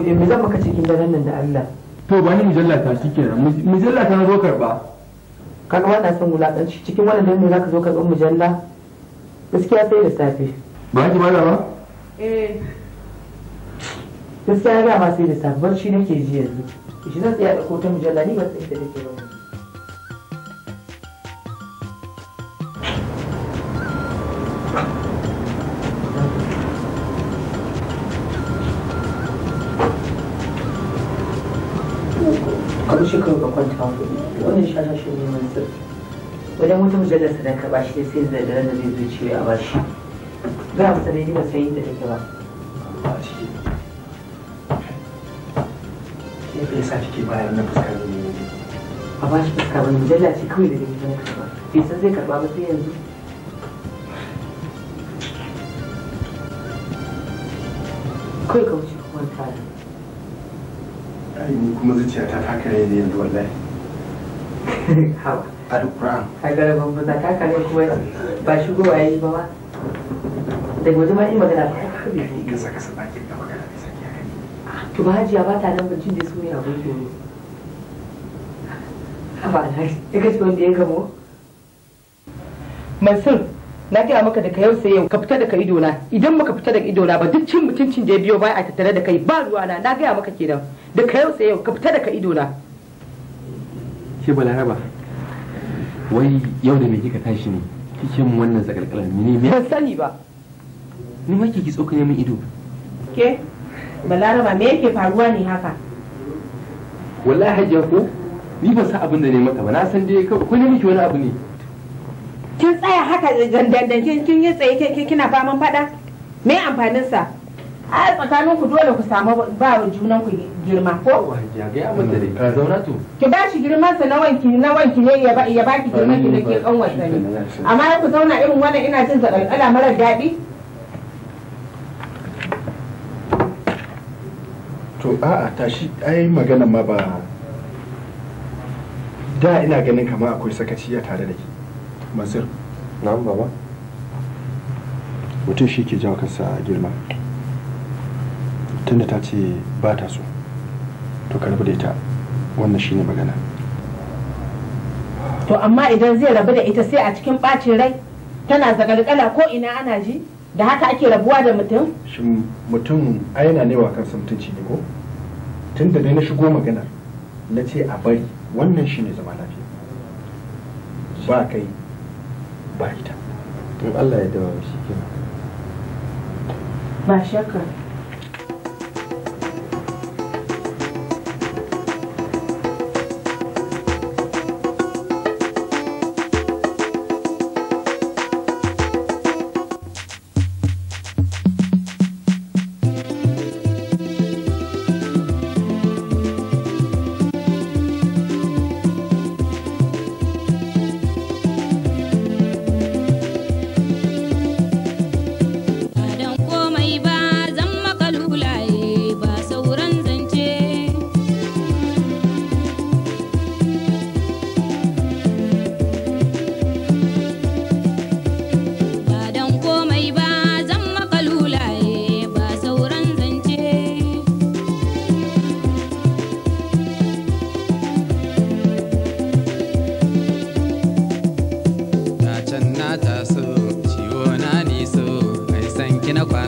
kuɗi me zan maka cikin daren nan da Allah to ba ni mujalla ta shikenan mujalla ta na zo karba ga wannan sun wulakanci cikin wannan daren ne zaka zo karban mujalla gaskiya sai da safe ba ki mala ba eh gaskiya ga ba sai da safe barci nake ji yanzu shi zan tsaya da ko mujalla ni ba sai da take ba shi kawai ka kwanta kuɗi to wannan shashashin neman sir wajen wata mujallar sadaka ba shi sai da daren da zai zo ciwo a bashi ga masa dai ba sai da take ba ba shi ne ke sa kike bayar na fuskar a ba shi fuska ba mujalla ce kawai da zai zai karba bai san zai karba ba sai yanzu kawai ka wuce kuma tare wallahi kuma zuciya ta kare ne yanzu wallahi alquran a ban ba ta kare kuma ba shi shigo waye ba ba da gobe ma in magana ba ka saka sadakin da magana ne saki hakan to ba ba ta nan bincin da su ne abin ne ba shi ya kace wanda ya gamo mansur na gaya maka daga yau sai yau ka fita daga idona idan maka fita daga idona ba duk cin mutuncin da ya biyo baya a tattare da kai ba ruwana na gaya maka kenan da ka yau tsaye ka fita daga idona. na ke balaraba wai yau da me kika tashi ne kike mun wannan zakalkalar ne? ne ban sani ba ni ma kike tsoka ne min ido ke balaraba me yake faruwa ne haka wallahi hajiya ko ni ba san abin da ne mata ba na san dai ko ne miki wani abu ne kin tsaya haka dandan kin yi tsaye kina faman fada me amfanin sa a tsakanin ku dole ku samu ba junan ku girma ko mm. eh, ki ba shi girman sa na wanki na wanki ne ya ba ki girman ki da ke kan wasanni amma ku zauna irin wannan ina jin zakalkala marar daɗi to a'a tashi ai magana ma ba da ina ganin kamar akwai sakaci a tare da ke masir na'am baba mutum shi ke jawo kansa girma tunda ta ce ba ta so to ka rabu da ita wannan shine magana to amma idan zai rabu da ita sai a cikin bacin rai tana zagalgala ko ina ana ji da haka ake rabuwa da mutum shin mutum aina ne wa kansa mutunci ne ko tunda dai na shigo maganar na ce a bari wannan shine zama lafiya ba kai ba ita in Allah ya dawo shi ba shakka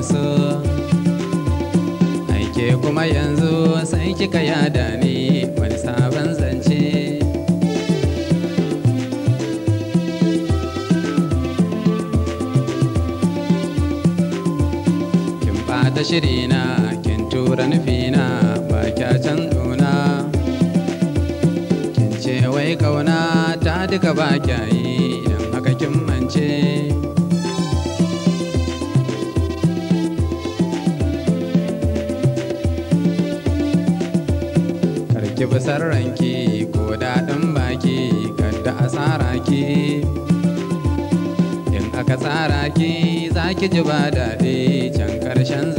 so aike kuma yanzu sai kika yada ni wani sabon zance kin bata shirina kin tura nufina ba kya can kin ce wai kauna ta duka ba kya yi idan haka kin mance Kasar sarranki ko daɗin baki a tsara ki in aka tsara ki za ki ji ba daɗi can ƙarshen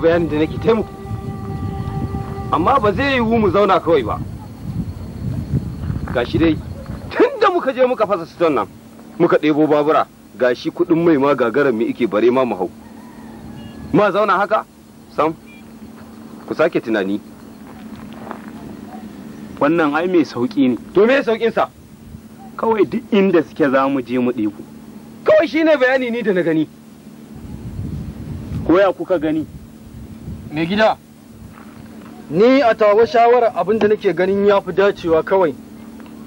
bayanin da nake taimako amma ba zai yiwu mu zauna kawai ba gashi dai tun da muka je muka fasa siton nan muka ɗebo babura gashi kuɗin mai ma gagarar mu ike bare ma mu hau ma zauna haka sam ku sake tunani wannan ai mai sauƙi ne to me sauƙin sa kawai duk inda suke za mu je mu ɗebo kawai shine bayani ni da na gani ko ya kuka gani Me gida. Ni a tawa shawara abin da nake ganin ya fi dacewa kawai.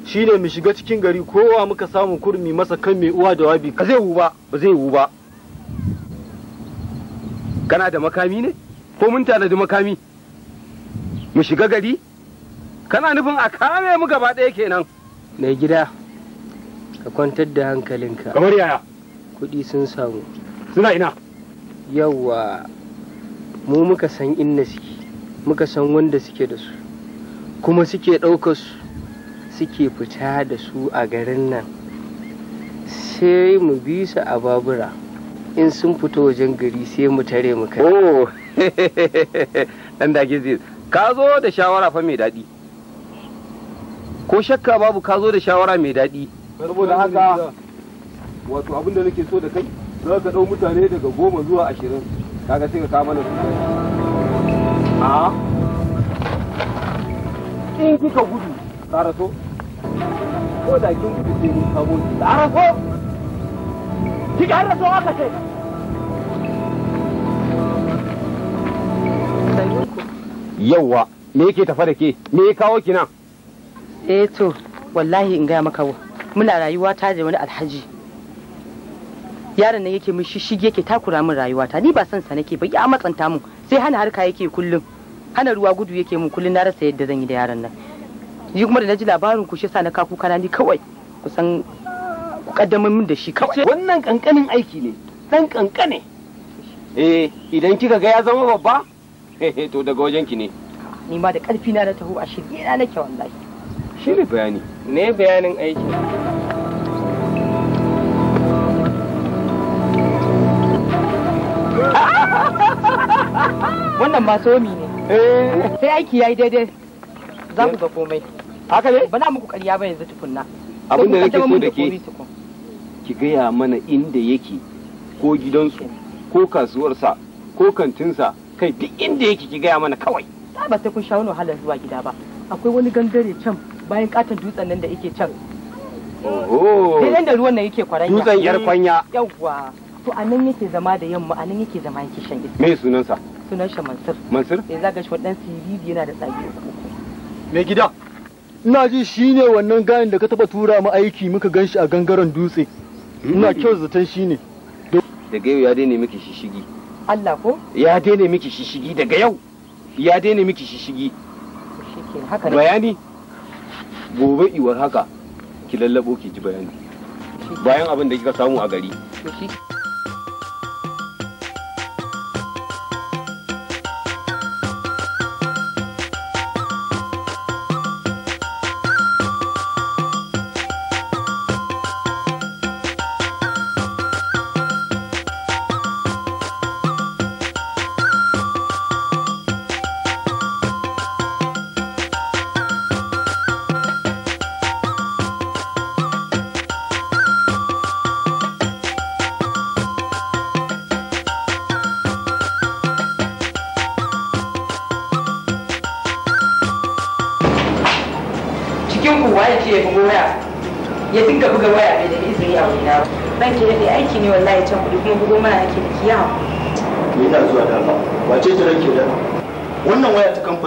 Shi ne mu shiga cikin gari kowa muka samu kurmi masa kan mai uwa da wabi. Ka zai wu ba, ba zai wu ba. Kana da makami ne? Ko mun tanadi makami? Mu shiga gari? Kana nufin a kame mu gaba ɗaya kenan. Mai gida, ka kwantar da hankalinka. Kamar yaya? Kuɗi sun samu. Suna ina? Yawwa. mu muka san inna suke muka san wanda suke da su kuma suke ɗaukar su suke fita da su a garin nan sai mu bi su a babura in sun fito wajen gari sai mu tare mu kai oh dan da ke ka zo da shawara fa mai daɗi ko shakka babu ka zo da shawara mai daɗi saboda haka wato abin da nake so da kai za ka ɗau mutane daga goma zuwa ashirin kaga sai ka kawo mana su a in kika gudu tsara so ko da kin gudu sai mun kawo ki tsara so kika har so aka ce me yake tafa da ke me ya kawo ki nan eh to wallahi in gaya maka muna rayuwa ta da wani alhaji yaron nan yake min shishige yake takura min rayuwata ni ba san sa nake ba ya matsanta mun sai hana harka yake kullum hana ruwa gudu yake mun kullum na rasa yadda zan yi da yaron nan ni kuma da naji labarin ku shi sa na ka kuka na ni kawai kusan kaddamin min da shi kawai wannan kankanin aiki ne dan kankane eh idan kika ga ya zama babba eh, to daga wajen ki ne ni ma da karfi na na taho a shirye na nake wallahi ne bayani ne bayanin aiki Wannan ma somi ne. Eh. Sai aiki ya yi daidai za ku ga komai. Haka ne? Bana muku karya ba yanzu tukunna. Abin da nake so da ke ki gaya mana inda yake ko gidansu ko kasuwarsa ko kantinsa kai duk inda yake ki gaya mana kawai. Ta ba sai kun sha wani wahalar zuwa gida ba. Akwai wani gandare can bayan katon dutsen nan da yake can. Oh. Sai inda ruwan nan yake kwaranya. Dutsen yar kwanya. Yawwa. to a nan yake zama da yamma a nan yake zama yake shan iska me sunansa sunan shi mansur mansur eh zaka shi wadan siriri yana da tsage me gida ina ji shine wannan gayin da ka taba tura mu aiki muka ganshi a gangaren dutse ina hmm. kyau zaton shine daga yau ya daina miki shishigi Allah ko ya daina miki shishigi daga yau ya daina miki shishigi haka bayani gobe iwar haka ki lallabo ki ji bayani bayan abin da kika samu a gari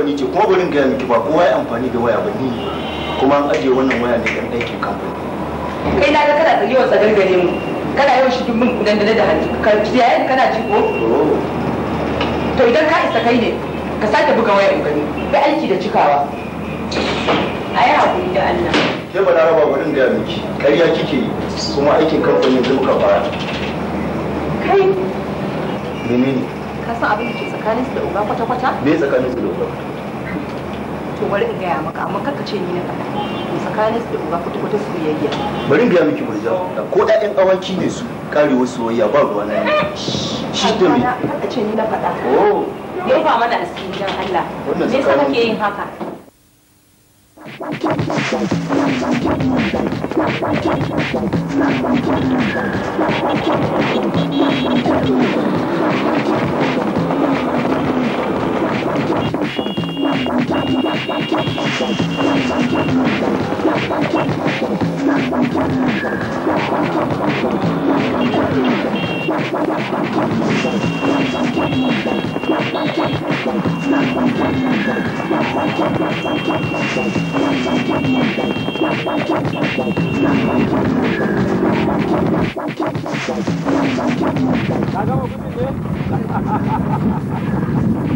kamfani ce kuma barin gaya miki ba kowa ya amfani da waya ba ni kuma an ajiye wannan waya ne dan aikin kamfani kai na ga kana da yawan tsagar gare mu kana yawan shi min kudan da da hanci. ka kiyaye kana ji ko oh. to idan ka isa kai ne ka sake buga wayar in gani ga aiki da cikawa a yi hakuri da Allah ke ba raba gurin gaya miki ƙarya kike yi kuma aikin kamfanin zai muka fara kai menene ka san abin da ke tsakaninsu da uba kwata-kwata me tsakaninsu da uba to bari in gaya maka amma karka ce ni na faɗa to tsakanin su da uba kwata kwata soyayya bari in gaya miki murja ko ƴaƴan awanci ne su karewar soyayya ba ruwa na shi da me karka ce ni na faɗa oh ya fa mana asiri dan Allah me yasa kake yin haka Thank you. Agora eu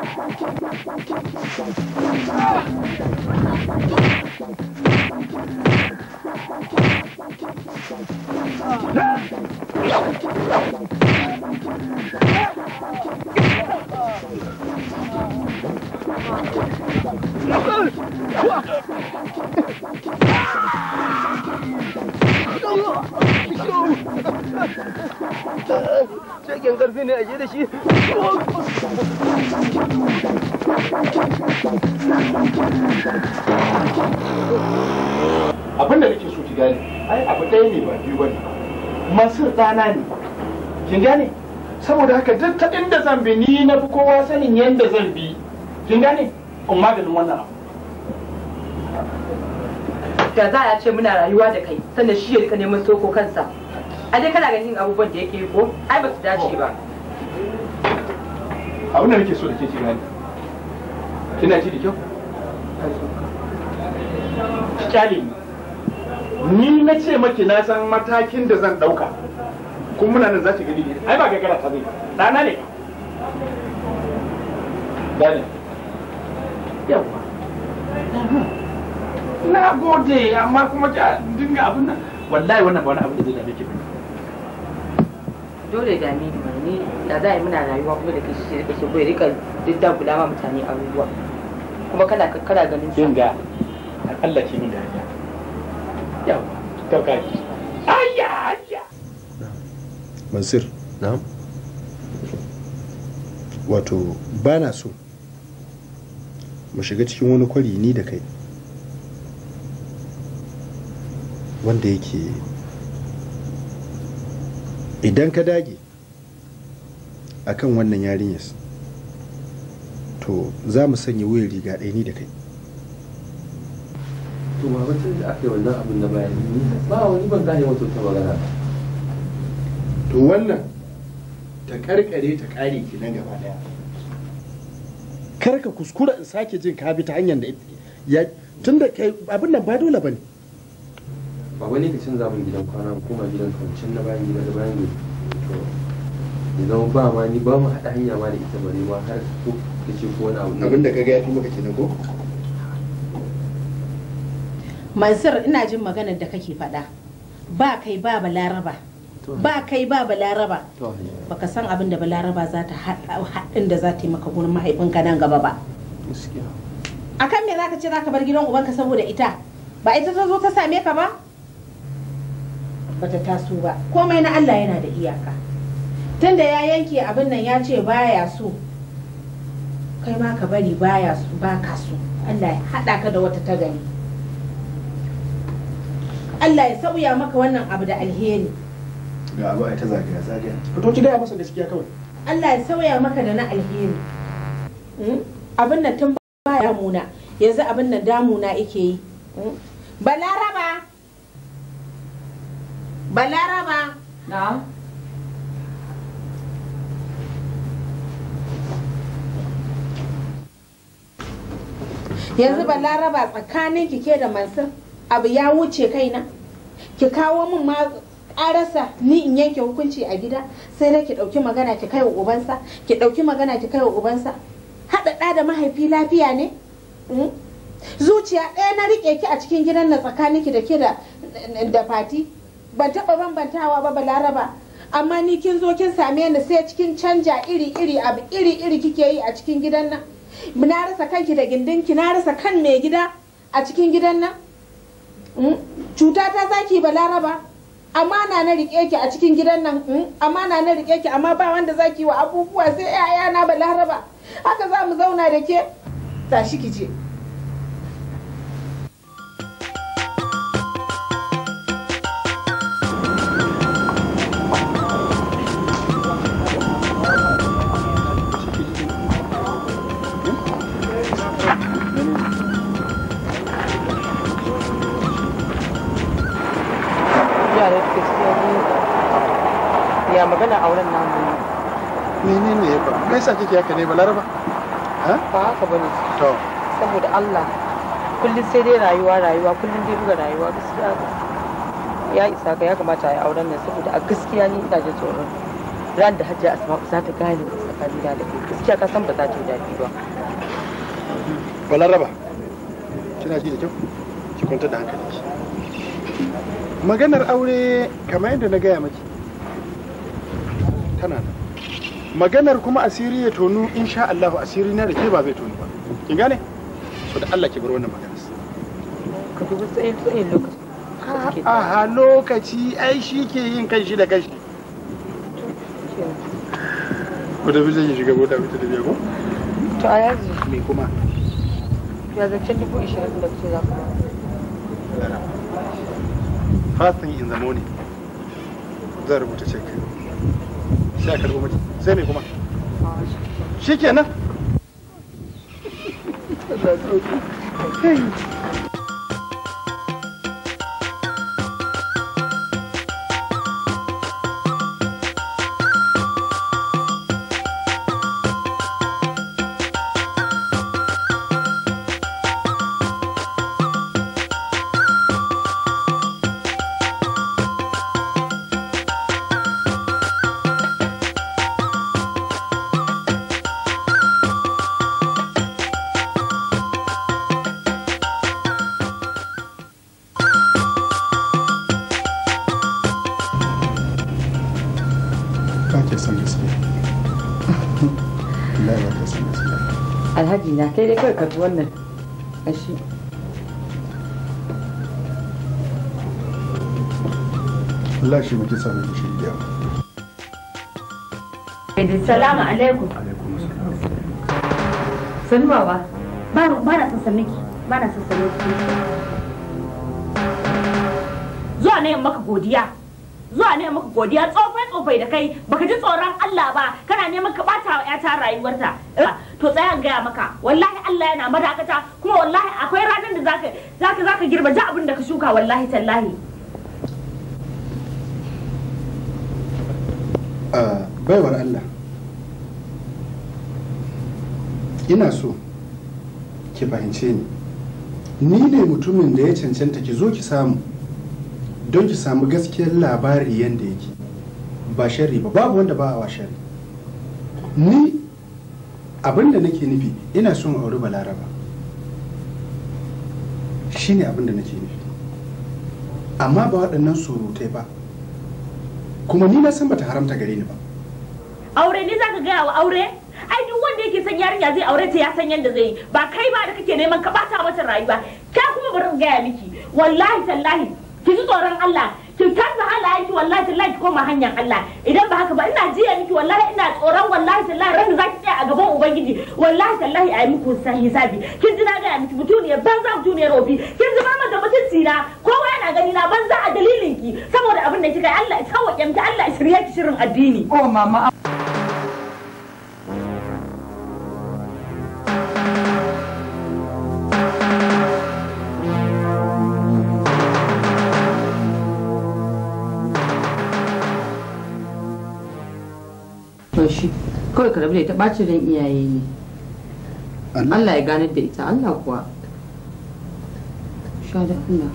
Quoi ah. Cikin ƙarfi ne a da shi. Abin da nake so ki gane, ai abu ɗaya ne ba biyu bane. Masir ɗana ne. Kin gane? Saboda haka duk ta inda zan bi ni na fi kowa sanin yadda zan bi. Kin gane? In maganin wannan abu. da za a ce muna rayuwa da kai sannan shi ya rika neman soko kansa a dai kana ganin abubuwan da yake ko ai ba su dace ba abin da nake so da ke kira ni kina ji da kyau kyale ni na ce maki na san matakin da zan dauka kuma muna nan za ki gani ai ba gagara ta bai dana ne dana yawa na gode amma kuma ta dinga abin nan wallahi wannan ba wani abu da zai dame ki ba dole da ni mai ni da za a yi muna rayuwa kuma da kishi da kishi bai rika diddan guda ma mutane a ruwa kuma kana kakkara ganin kin ga Allah shi min da ya yau to ka ji ayya ayya Mansur na'am wato na so mu shiga cikin wani kwari ni da kai wanda yake idan ka dage a kan wannan yarinyar to za mu sanya wuyan riga ɗaya ni da kai to ba batun da aka yi wannan abin da bayan ba wani ban gane wata ta magana to wannan ta karkare ta kare ki nan gaba daya kar ka kuskura in sake jin ka bi ta hanyar da ya tunda kai abin nan ba dole bane ba wani ka canza min gidan kwana koma gidan kwancin na bayan gidan bayan gidan to ya zama ba ma ni ba mu haɗa hanya ma da ita ne ma har ko ka ce ko wani abu abin da kaga ya fi maka kenan ko Mansur ina jin maganar da kake faɗa ba kai ba balaraba ba kai ba balaraba baka san abin da balaraba za ta haɗin da za ta yi maka gurin mahaifinka nan gaba ba A kan me za ka ce za ka bar gidan ubanka saboda ita ba ita ta zo ta same ka ba bata taso ba komai na Allah yana da iyaka tunda ya yanke abin nan ya ce baya so kai ma ka bari baya so baka so Allah ya hada ka da wata ta Allah ya sauya maka wannan abu da alheri ga abu ai ta zagaya zagaya fito ki gaya masa gaskiya kawai Allah ya sauya maka da na alheri hmm? abin nan tun baya muna yanzu abin nan damuna yake yi hmm? balaraba balaraba na'am yanzu balaraba tsakanin ki ke da mansur abu ya wuce kaina ki kawo min ma karasa ni in yanke hukunci a gida sai dai ki dauki magana ki kai wa ubansa ki dauki magana ki kai wa ubansa hada da da mahaifi lafiya ne hmm? zuciya ɗaya na rike ki a cikin gidan na tsakaninki da ke da fati ban taɓa bambantawa ba balaraba amma ni kin zo kin same ni sai cikin canja iri iri abu iri iri kike yi a cikin gidan nan na rasa kanki da gindinki na rasa kan mai gida a cikin gidan nan mm? cuta ta zaki balaraba amma na rike ki a cikin gidan nan mm? amma na rike ki amma ba wanda zaki wa abubuwa sai 'ya'ya 'ya'yana balaraba haka za mu zauna da ke tashi ki je yasa kike haka ne balaraba ba haka bane to saboda Allah kullum sai dai rayuwa rayuwa kullum dai buga rayuwa gaskiya ya isa ka ya kamata ya auren nan saboda a gaskiya ni ina jin tsoron ran da hajji asma za ta gane tsakanin da kai gaskiya ka san ba za ta yi daɗi ba balaraba kina ji da kyau ki kunta da hankalinki maganar aure kamar yadda na gaya miki tana nan maganar kuma asiri ya tonu sha Allah asiri na da ke ba zai tonu ba kin gane so da Allah ki bar wannan magana ka dubi lokaci a lokaci ai shi ke yin kanshi da kanshi ko da bijin shiga mota mutu da biyo to a yanzu me kuma ya zancen dubu ishirin da ce za ku fasting in the morning zan rubuta sai a karɓo miki sai me kuma shikenan ya kai dai kawai karbi wannan kashi Allah shi muke samu da shirya. Salamu alaikum. Sanu baba. Ba na son miki. Ba na son sanu Zuwa ne maka godiya. Zuwa ne maka godiya tsofai tsofai da kai baka ji tsoron Allah ba kana neman ka bata wa 'yata rayuwarta. Eh, to tsaya gaya maka wallahi Allah yana madakata kuma wallahi akwai ranar da zaka zaka zaka girba ja abin da ka shuka wallahi tallahi ah, baiwar Allah ina so ki fahimce ni ni ne mutumin da ya cancanta ki zo ki samu don ki samu gaskiyar labari yadda yake ba shari ba babu wanda ba a wa ni abinda da nake nufi ina son auri balaraba shi ne abinda nake nufi amma ba waɗannan surutai ba kuma ni na san bata haramta gare ni ba aure ne zaka gaya wa aure ai duk wanda yake son yarinya zai aure ta ya san yadda zai yi ba kai ba da kake neman ka bata mata rayuwa ka kuma bari gaya miki wallahi tallahi ki ji tsoron Allah cutar kasa halayen ki wallahi tallahi ki koma hanyar Allah idan ba haka ba ina jiya miki wallahi ina tsoron wallahi tallahi ran zaki tsaya a gaban ubangiji wallahi tallahi ayi muku hisabi kin ji na ga miki mutuniya banza mutuniya robi kin ji mama da mutunci na kowa yana gani na banza a dalilin ki saboda abin da kika Allah ya tawaye miki Allah ya shirye ki shirin addini oh, mama kawai ka rabu da ita ran iyaye ne Allah ya ganar da ita Allah kuwa da Allah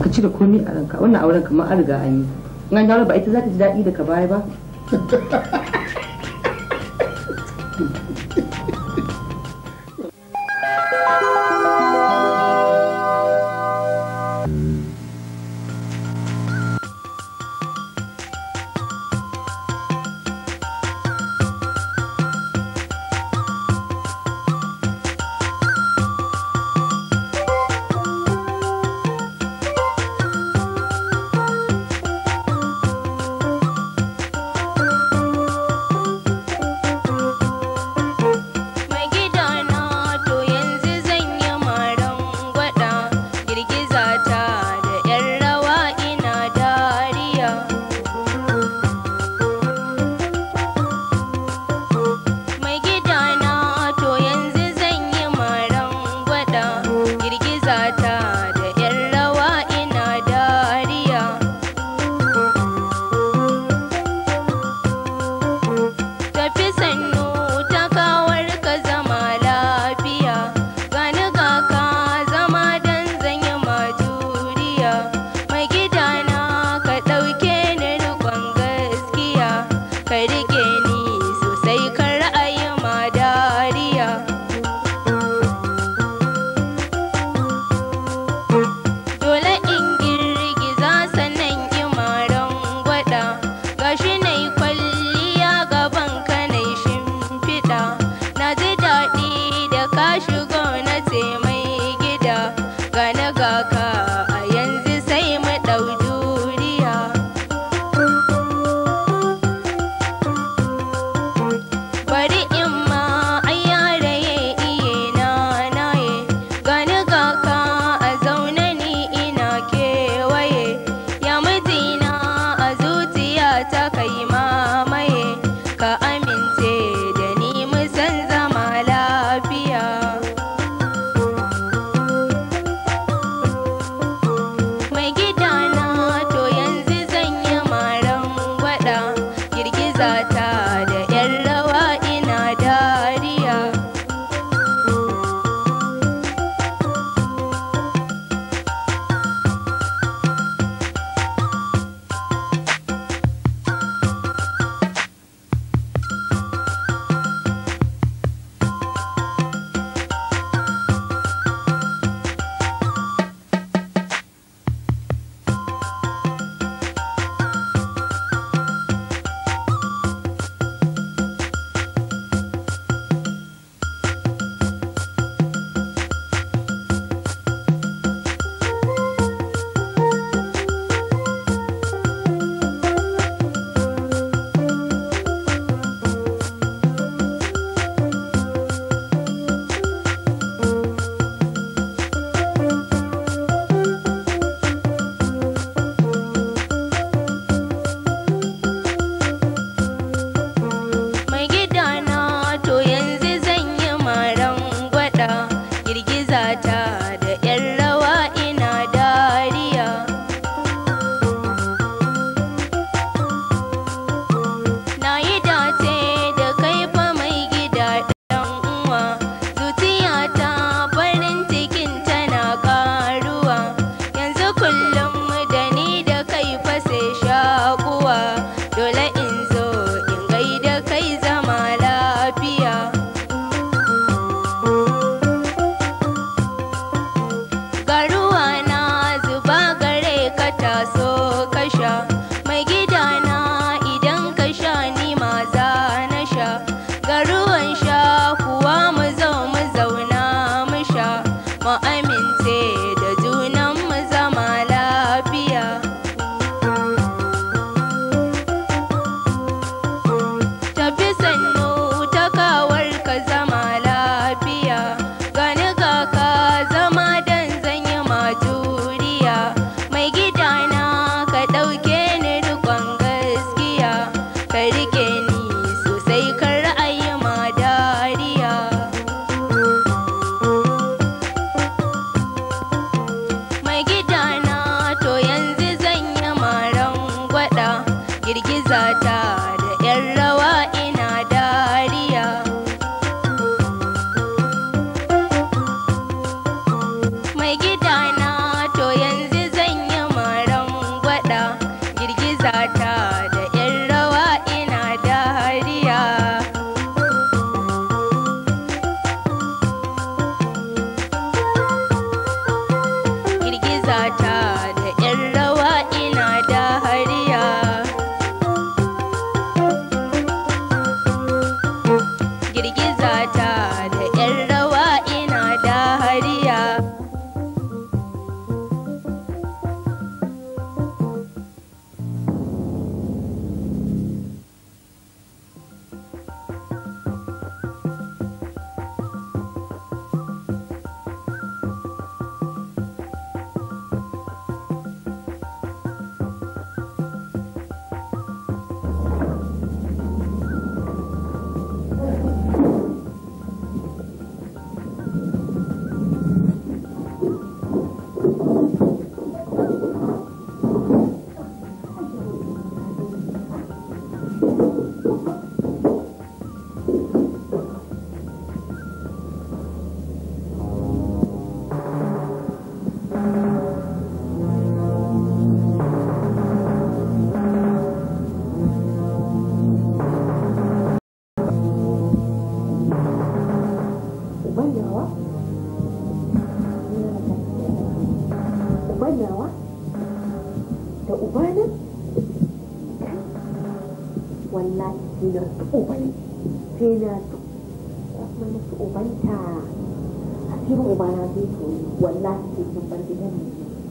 ka cire komai a ranka wannan auren kamar an riga an yi in an dawo ba ita za ta ji daɗi da ka baya ba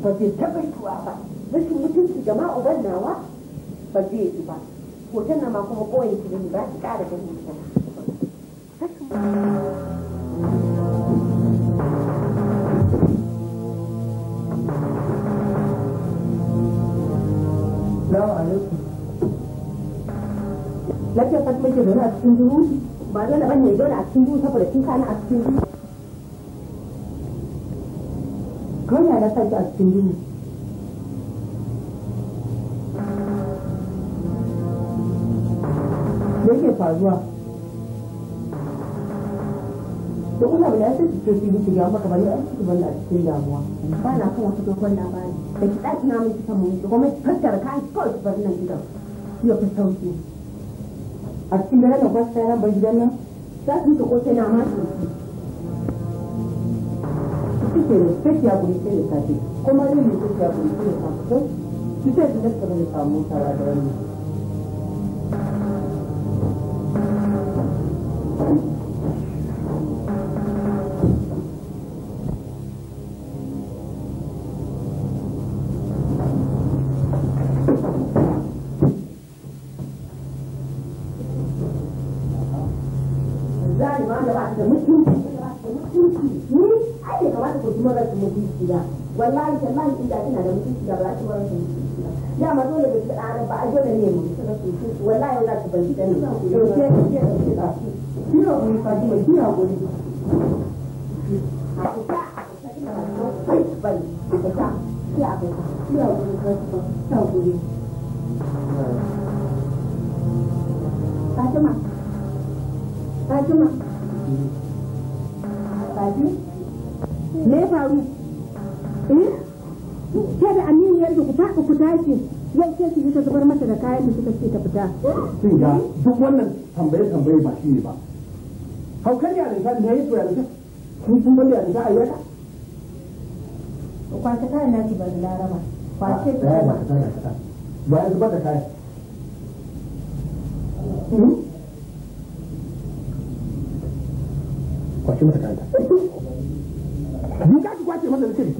ba zai ba rashin mutunci ga ma'uban nawa ba zai yi ba hoton na ma kuma koyin ba ƙara ganin lafiya zaune a cikin duhu ba zai ya zaune a cikin duhu saboda kin kana a cikin duhu na kanki a cikin duhu me ke faruwa to ina bala ya sai to fili ki ga maka bane an ci balla a cikin damuwa ba na kan wata na bani. da ki tsaki na miki kan mu kuma ki fassara kan kawai ki bar nan gidan ya fi sauki a cikin dare da kwasta ran ban gidan nan za ku ta kote na ma su. ce respect ya kuri sai da safe kuma yin que ya kuri sai da safe sai ki que da nasta bane samu tara da wannan kake ta fita kin ga duk wannan tambaye tambaye ba shi ne ba haukar yarinta ne yayi to yarinta kun kun bari yarinta a yaka kwace kayan naci ba da laraba kwace ah, ta ba ba ya da kayan hmm? kwace mata kayan ta ni ka kwace mata da ke da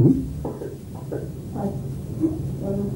hmm? ke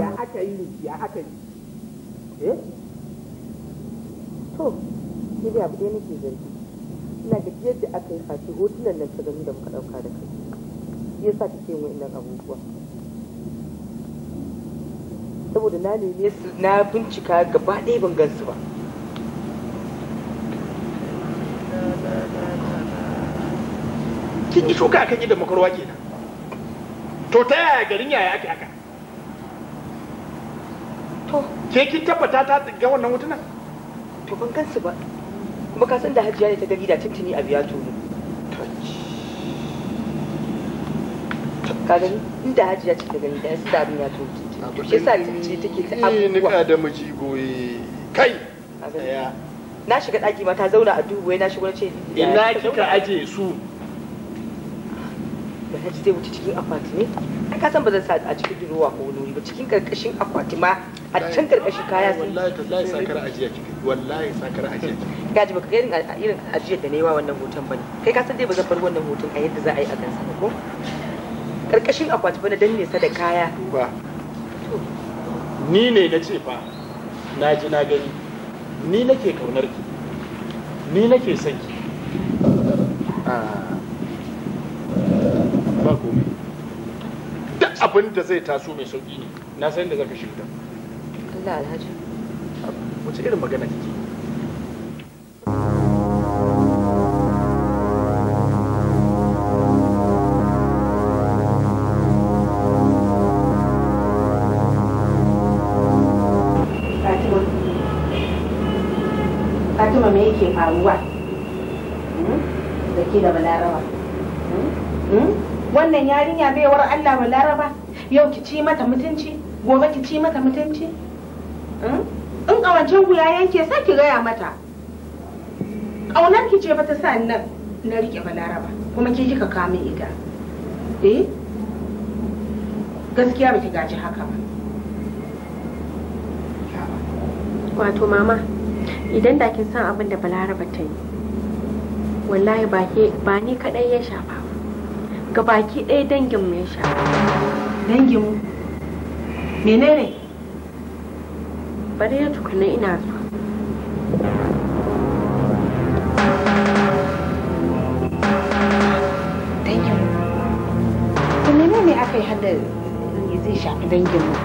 ya aka yi ya aka yi eh to ni da abu da nake zargi ina ga yadda aka yi faci hotunan nan ta gani da muka dauka da kai sa ta kake mu innan abubuwa saboda na neme su na bincika gaba ɗaya ban gansu ba kin yi shuka akan yadda makarwa kenan to ta yaya garin yaya ake haka to ke kin tabbata ta ga wannan hotunan to ban gansu ba kuma ka san da hajiya ne ta gari da tintini a biya tono ka gani inda hajiya ce ta gani da yasa abin ya tono to shi yasa tunce take ta abubuwa ni ka da miji goye kai na shiga daki ma ta zauna a dubu na shiga shigo ce ina kika aje su alhaji zai wuce cikin akwati ne ai ka san ba zan sa a cikin durowa ko wani wuri ba cikin karkashin akwati ma a can karkashin kaya sun wallahi wallahi sakar ajiya cikin wallahi sakar ajiya kike gaji baka ga irin ajiyar da na yi wa wannan hoton bane kai ka san dai ba zan bar wannan hoton a yadda za a yi a gansa ko karkashin akwati bane dan nesa da kaya ba ni ne na ce fa na ji na gani ni nake kaunar ki ni nake son ki ah. ba komai duk abin da zai taso mai sauki ne na san da zaka shirya Allah alhaji wace irin magana kike Fatima me yake faruwa hmm? da ke da balarawa wannan yarinya baiwar Allah ba laraba yau ki ci mata mutunci gobe ki ci mata mutunci hmm? in ƙawancen ku ya yanke sai ki gaya mata ƙaunar ki ce ba ta sa nan na riƙe balaraba kuma ki kika kame ita eh gaskiya ba ki gaji haka ba wato mama idan da kin san abin da balaraba ta yi wallahi ba ni kaɗai ya shafa ga baki ɗaya danginmu ya sha dangin mu menene bari ya tukuna ina zuwa dangin mu menene aka yi hada zai shafi dangin mu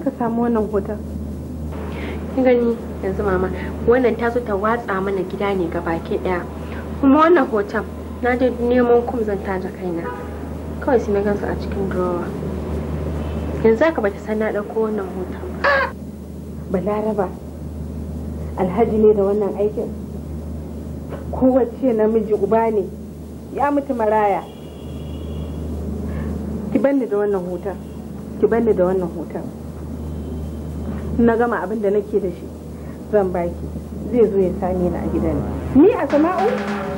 kika samu wannan hoton kin gani yanzu mama wannan ta zo ta watsa mana gida ne ga baki daya kuma wannan hoton na je neman kum zan taja kaina kawai sai na gansu a cikin drawer yanzu haka bata san na dauko wannan hoton ba balaraba alhaji ne da wannan aikin kowace namiji uba ne ya mutu maraya ki banni da wannan hoton ki banni da wannan hoton na gama abin da nake da shi zan baki zai zo ya same ni a gidan ni a sama'u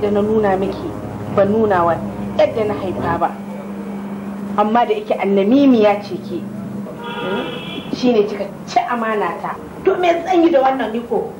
yadda na nuna miki ba nuna wa yadda na haifa ba amma da yake annamimiya ce ke hmm? shine kika ci amana ta to me zan da wannan niko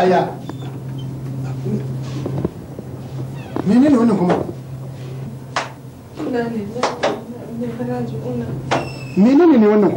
aya ne wannan kuma menene ne wannan